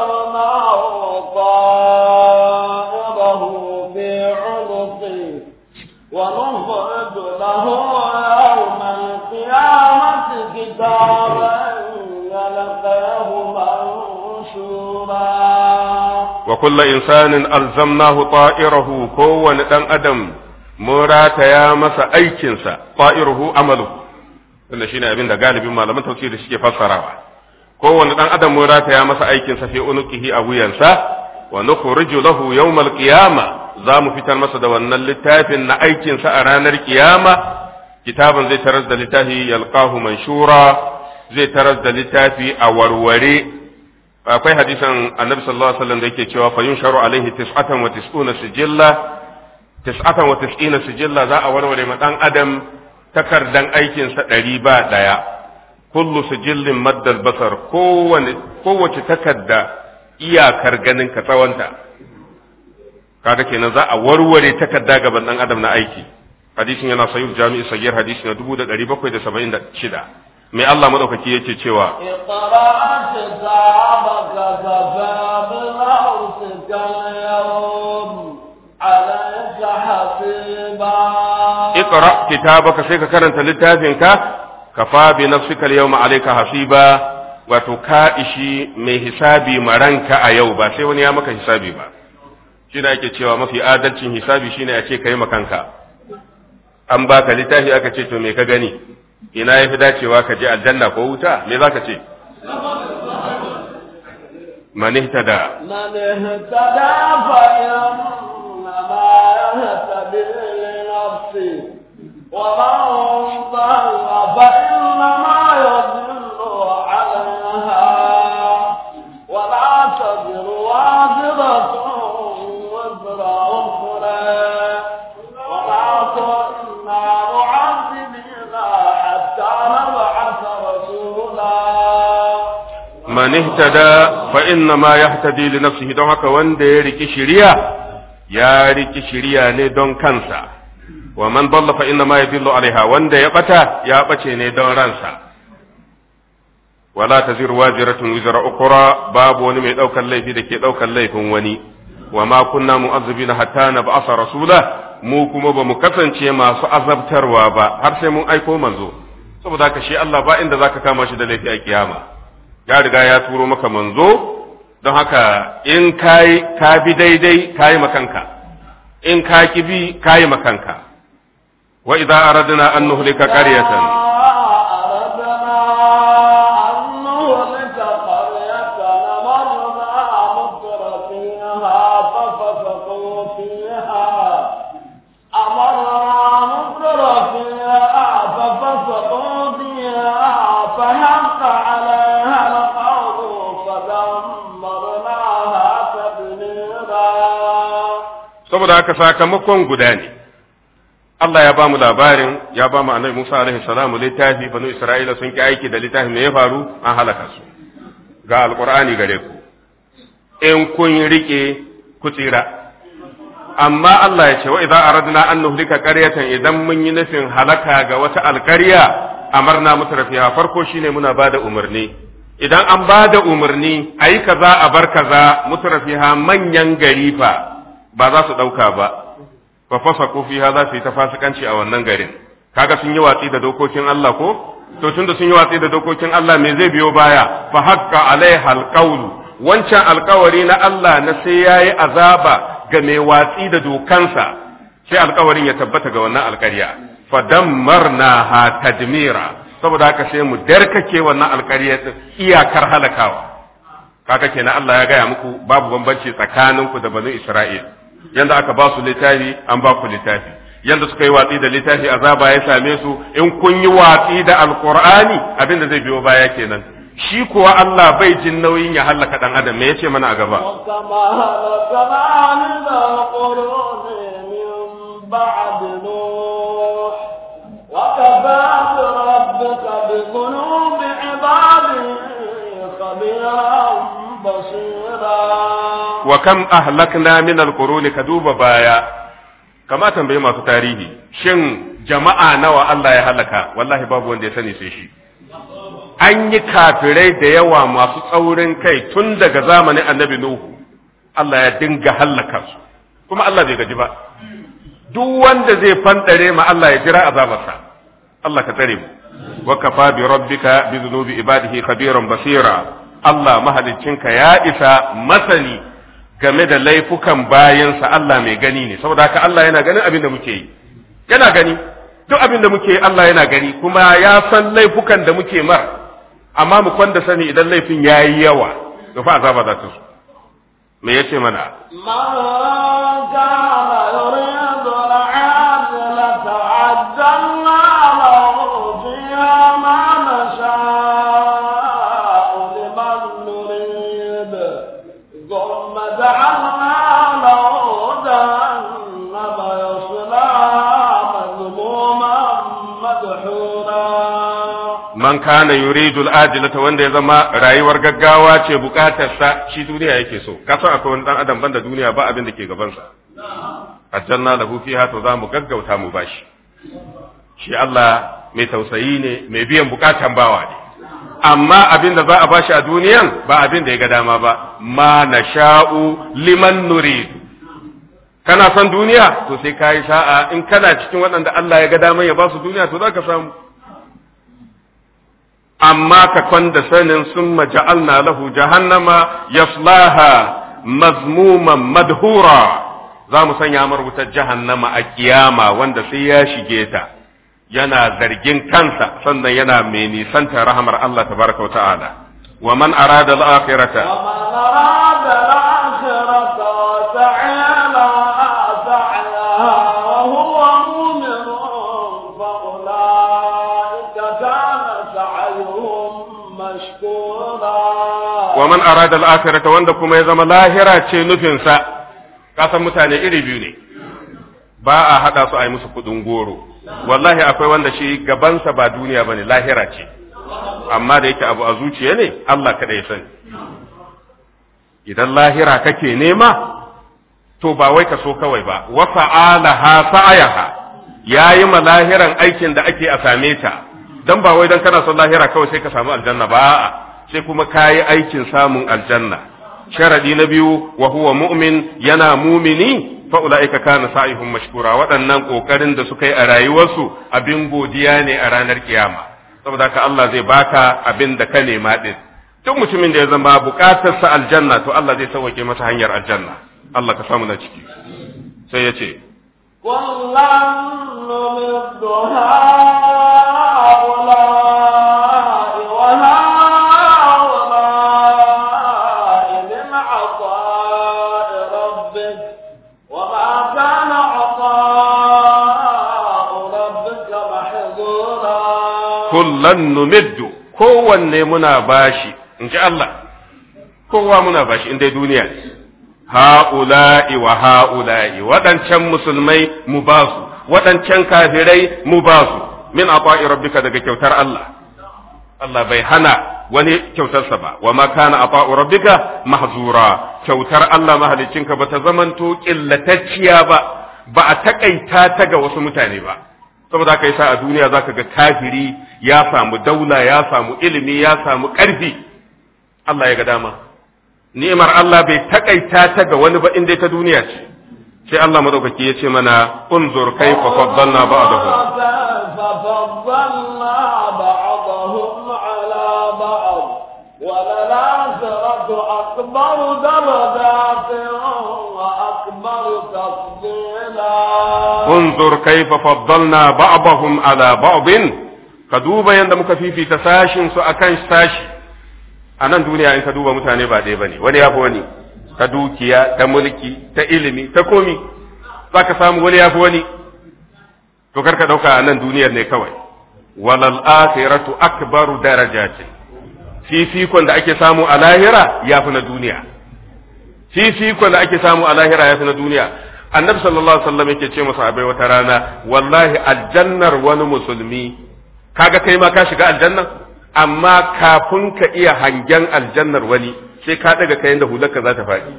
nazarna qadahu bi kullu insanin alzamnahu ta'irahu kowane dan adam mun rataya masa aikinsa fa'iruhu amalu shi ne abin da galibin malaman tafsiri suke fassarawa kowane dan adam mun rataya masa aikinsa fi unuqihi a wuyansa wa nukhriju lahu yawmal qiyama za mu fitar masa da wannan littafin na aikinsa a ranar kiyama kitaban zai taras da littafi yalqahu manshura zai taras da littafi a warware akwai hadisan annabi sallallahu alaihi wasallam da yake cewa fa yunsharu alaihi tis'atan wa tis'una sijilla tis'atan wa tis'ina sijilla za a warware ma dan adam takardan aikinsa ɗari ba ɗaya kullu sijillin maddal basar kowane kowace takarda iyakar ganin ka tsawanta kaga kenan za a warware takarda gaban dan adam na aiki hadisin yana sayyid jami'i sayyid hadisi na 1776 mai Allah madaukaki yake cewa iqra'at Ikra kitabaka sai ka karanta littafinka kafa yau nafsika yawma alayka hasiba wato ka ishi mai hisabi maranka a yau ba sai wani ya maka hisabi ba shi ake cewa mafi adalcin hisabi shine a ce ka yi makanka an baka littafi aka ce to me ka gani ina ya fi dacewa ka je aljanna ko wuta me za ka ce man da. ما يهتدي لنفسي ضل فإنما يضل عليها ولا تزر وزر أخرى ولا كنا معذبين حتى نبعث رسولا من اهتدى فإنما يهتدي لنفسه دعك وان ديرك شريعه ya riki shirya ne don kansa wa man dalla fa inna ma yadillu alaiha wanda ya bata ya bace ne don ransa wala tazir wajiratun wizra ukra babu wani mai daukar laifi da ke daukar laifin wani wa ma kunna mu'azzibina hatta nab'asa rasula mu kuma ba mu kasance masu azabtarwa ba har sai mun aiko manzo saboda haka shi Allah ba inda zaka kama shi da laifi a kiyama ya riga ya turo maka manzo don haka in kai ka bi daidai kai makanka in ka ki bi kai makanka wa idza aradna an nuhlika qaryatan saboda haka sakamakon guda ne Allah ya ba mu labarin ya ba mu annabi Musa alaihi salamu littafi banu Isra'ila sun ki aiki da littafi me ya faru an halaka su ga alqur'ani gare ku in kun rike ku tsira amma Allah ya ce wa idza aradna an nuhlika qaryatan idan mun yi nufin halaka ga wata alqarya amarna mutrafiha farko shine muna bada umarni idan an bada umarni ayi kaza a bar kaza mutrafiha manyan gari fa ba za su ɗauka ba fa fasaku fiha za su yi ta fasikanci a wannan garin kaga sun yi watsi da dokokin Allah ko to tunda sun yi watsi da dokokin Allah me zai biyo baya fa haka alai halƙaulu, wancan alƙawari na Allah na sai ya yi azaba ga mai watsi da dokansa sai alƙawarin ya tabbata ga wannan alƙarya fa ha tadmira saboda haka sai mu darkake wannan alƙarya iyakar halakawa kaka kenan Allah ya gaya muku babu bambanci tsakaninku da banu Isra'il yanda aka ba su littafi an ba ku littafi yanda suka yi watsi da littafi azaba ya same su in kun yi watsi da alqur'ani abin da zai biyo baya kenan shi kuwa Allah bai jin nauyin ya hallaka dan adam me yace mana a gaba وكفى بذنوب عباده خبيرا wa kam ahlakna min alquruni ka duba baya kama tambayi masu tarihi shin jama'a nawa Allah ya halaka wallahi babu wanda ya sani sai shi an yi kafirai da yawa masu tsaurin kai tun daga zamanin annabi nuhu Allah ya dinga halaka su kuma Allah bai gaji ba duk wanda zai fandare ma Allah ya jira azabarsa Allah ka tsare mu wa kafa bi rabbika bi dhunubi ibadihi khabiran basira Allah mahalicinka ya isa masani game da laifukan bayansa Allah mai gani ne saboda haka Allah yana ganin abin da muke yi yana gani duk abin da muke yi Allah yana gani kuma ya san laifukan da muke mar amma mu kwanda sani idan laifin ya yi yawa da fa azaba za ta su me yace mana man man kana yuridu al-ajilata wanda ya zama rayuwar gaggawa ce bukatarsa shi duniya yake so kasan akwai wani dan adam banda duniya ba abin da ke gaban sa aljanna lahu fiha to za mu gaggauta mu bashi shi Allah mai tausayi ne mai biyan bukatan bawa ne amma abin da za a bashi a duniyan ba abin da ya ga dama ba ma nasha'u liman nurid kana son duniya to sai kayi sa'a in kana cikin waɗanda Allah ya ga dama ya ba su duniya to za ka samu amma ka kwanda sanin sun ja'alna lahu jahannama yaslaha mazmuman madhura za mu sanya marubutar jahannama a kiyama wanda sai ya shige ta yana zargin kansa sannan yana mai nisanta rahamar Allah tabaraka wa ta'ala wa man arada al-akhirata man arada al-akhirata wanda kuma ya zama lahira ce nufinsa kasan mutane iri biyu ne ba a hada su a yi musu kuɗin goro wallahi akwai wanda shi gabansa ba duniya bane lahira ce amma da yake abu a zuciya ne Allah kada ya sani idan lahira kake nema to ba wai ka so kawai ba wa fa'alaha sa'ayaha yayi malahiran aikin da ake a same ta dan ba wai dan kana son lahira kawai sai ka samu aljanna ba sai kuma kayi aikin samun aljanna sharadi na biyu wa huwa mu'min yana mumini fa ulaika kana sa'ihum mashkura waɗannan kokarin da suka yi a rayuwarsu abin godiya ne a ranar kiyama saboda ka Allah zai baka abin da ka nema din duk mutumin da ya zama bukatar sa aljanna to Allah zai sauke masa hanyar aljanna Allah ka samu na ciki sai ya ce wallahu lan numiddu kowanne muna bashi in ji Allah kowa muna bashi in dai duniya ne ha'ula'i wa ha'ula'i waɗancan musulmai mu ba su waɗancan kafirai mu ba su min ata'i rabbika daga kyautar Allah Allah bai hana wani kyautarsa ba wa ma kana ata'u rabbika mahzura kyautar Allah mahaliccinka ba ta zamanto killatacciya ba ba a taƙaita ta ga wasu mutane ba saboda yi sa a duniya za ka ga kafiri ya samu daula ya samu ilimi ya samu ƙarfi Allah ya ga dama ni'imar Allah bai takaita ta ga wani ba inda ta duniya ce sai Allah madaukaki ya ce mana unzur kaifa faddalna ba'dahu faddalna ba'dahum ala ba'd wa la akbar ka duba yadda muka fifita sashin su akan sashi a nan duniya in ka duba mutane ba ɗaya bane wani ya fi wani ta dukiya ta mulki ta ilimi ta komi za ka samu wani ya fi wani to karka ɗauka a nan duniyar ne kawai walal akhiratu akbaru darajatin fifikon da ake samu a lahira ya fi na duniya fifikon da ake samu a lahira ya fi na duniya annabi sallallahu alaihi wasallam yake ce masa abai wata rana wallahi aljannar wani musulmi kaga kai ma ka shiga aljanna amma kafin ka iya hangen aljannar wani sai ka daga kayan da hularka za ta faɗi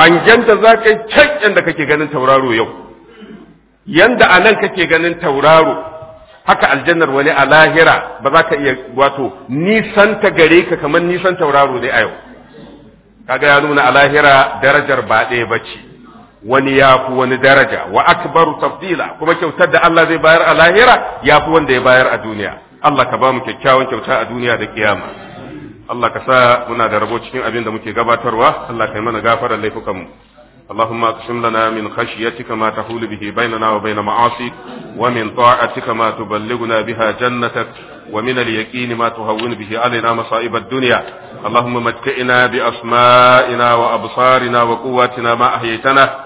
hangen da za ka yi can yadda kake ganin tauraro yau yanda a nan kake ganin tauraro haka aljannar wani a lahira ba za ka iya wato nisan ta gare ka kamar nisan tauraro ne a yau kaga ya nuna a lahira darajar ba ɗaya ba ce wani ya fi wani daraja wa akbaru tafdila kuma kyautar da Allah zai bayar a lahira ya fi wanda ya bayar a duniya Allah ka ba mu kyakkyawan kyauta a duniya da kiyama Allah ka sa muna da rabo cikin abin da muke gabatarwa Allah ka yi mana gafarar laifukanmu اللهم اقسم لنا من خشيتك ما تحول به بيننا وبين معاصيك ومن طاعتك ما تبلغنا بها جنتك ومن اليقين ما تهون به علينا مصائب الدنيا اللهم متئنا بأسمائنا وأبصارنا وقواتنا ما أحييتنا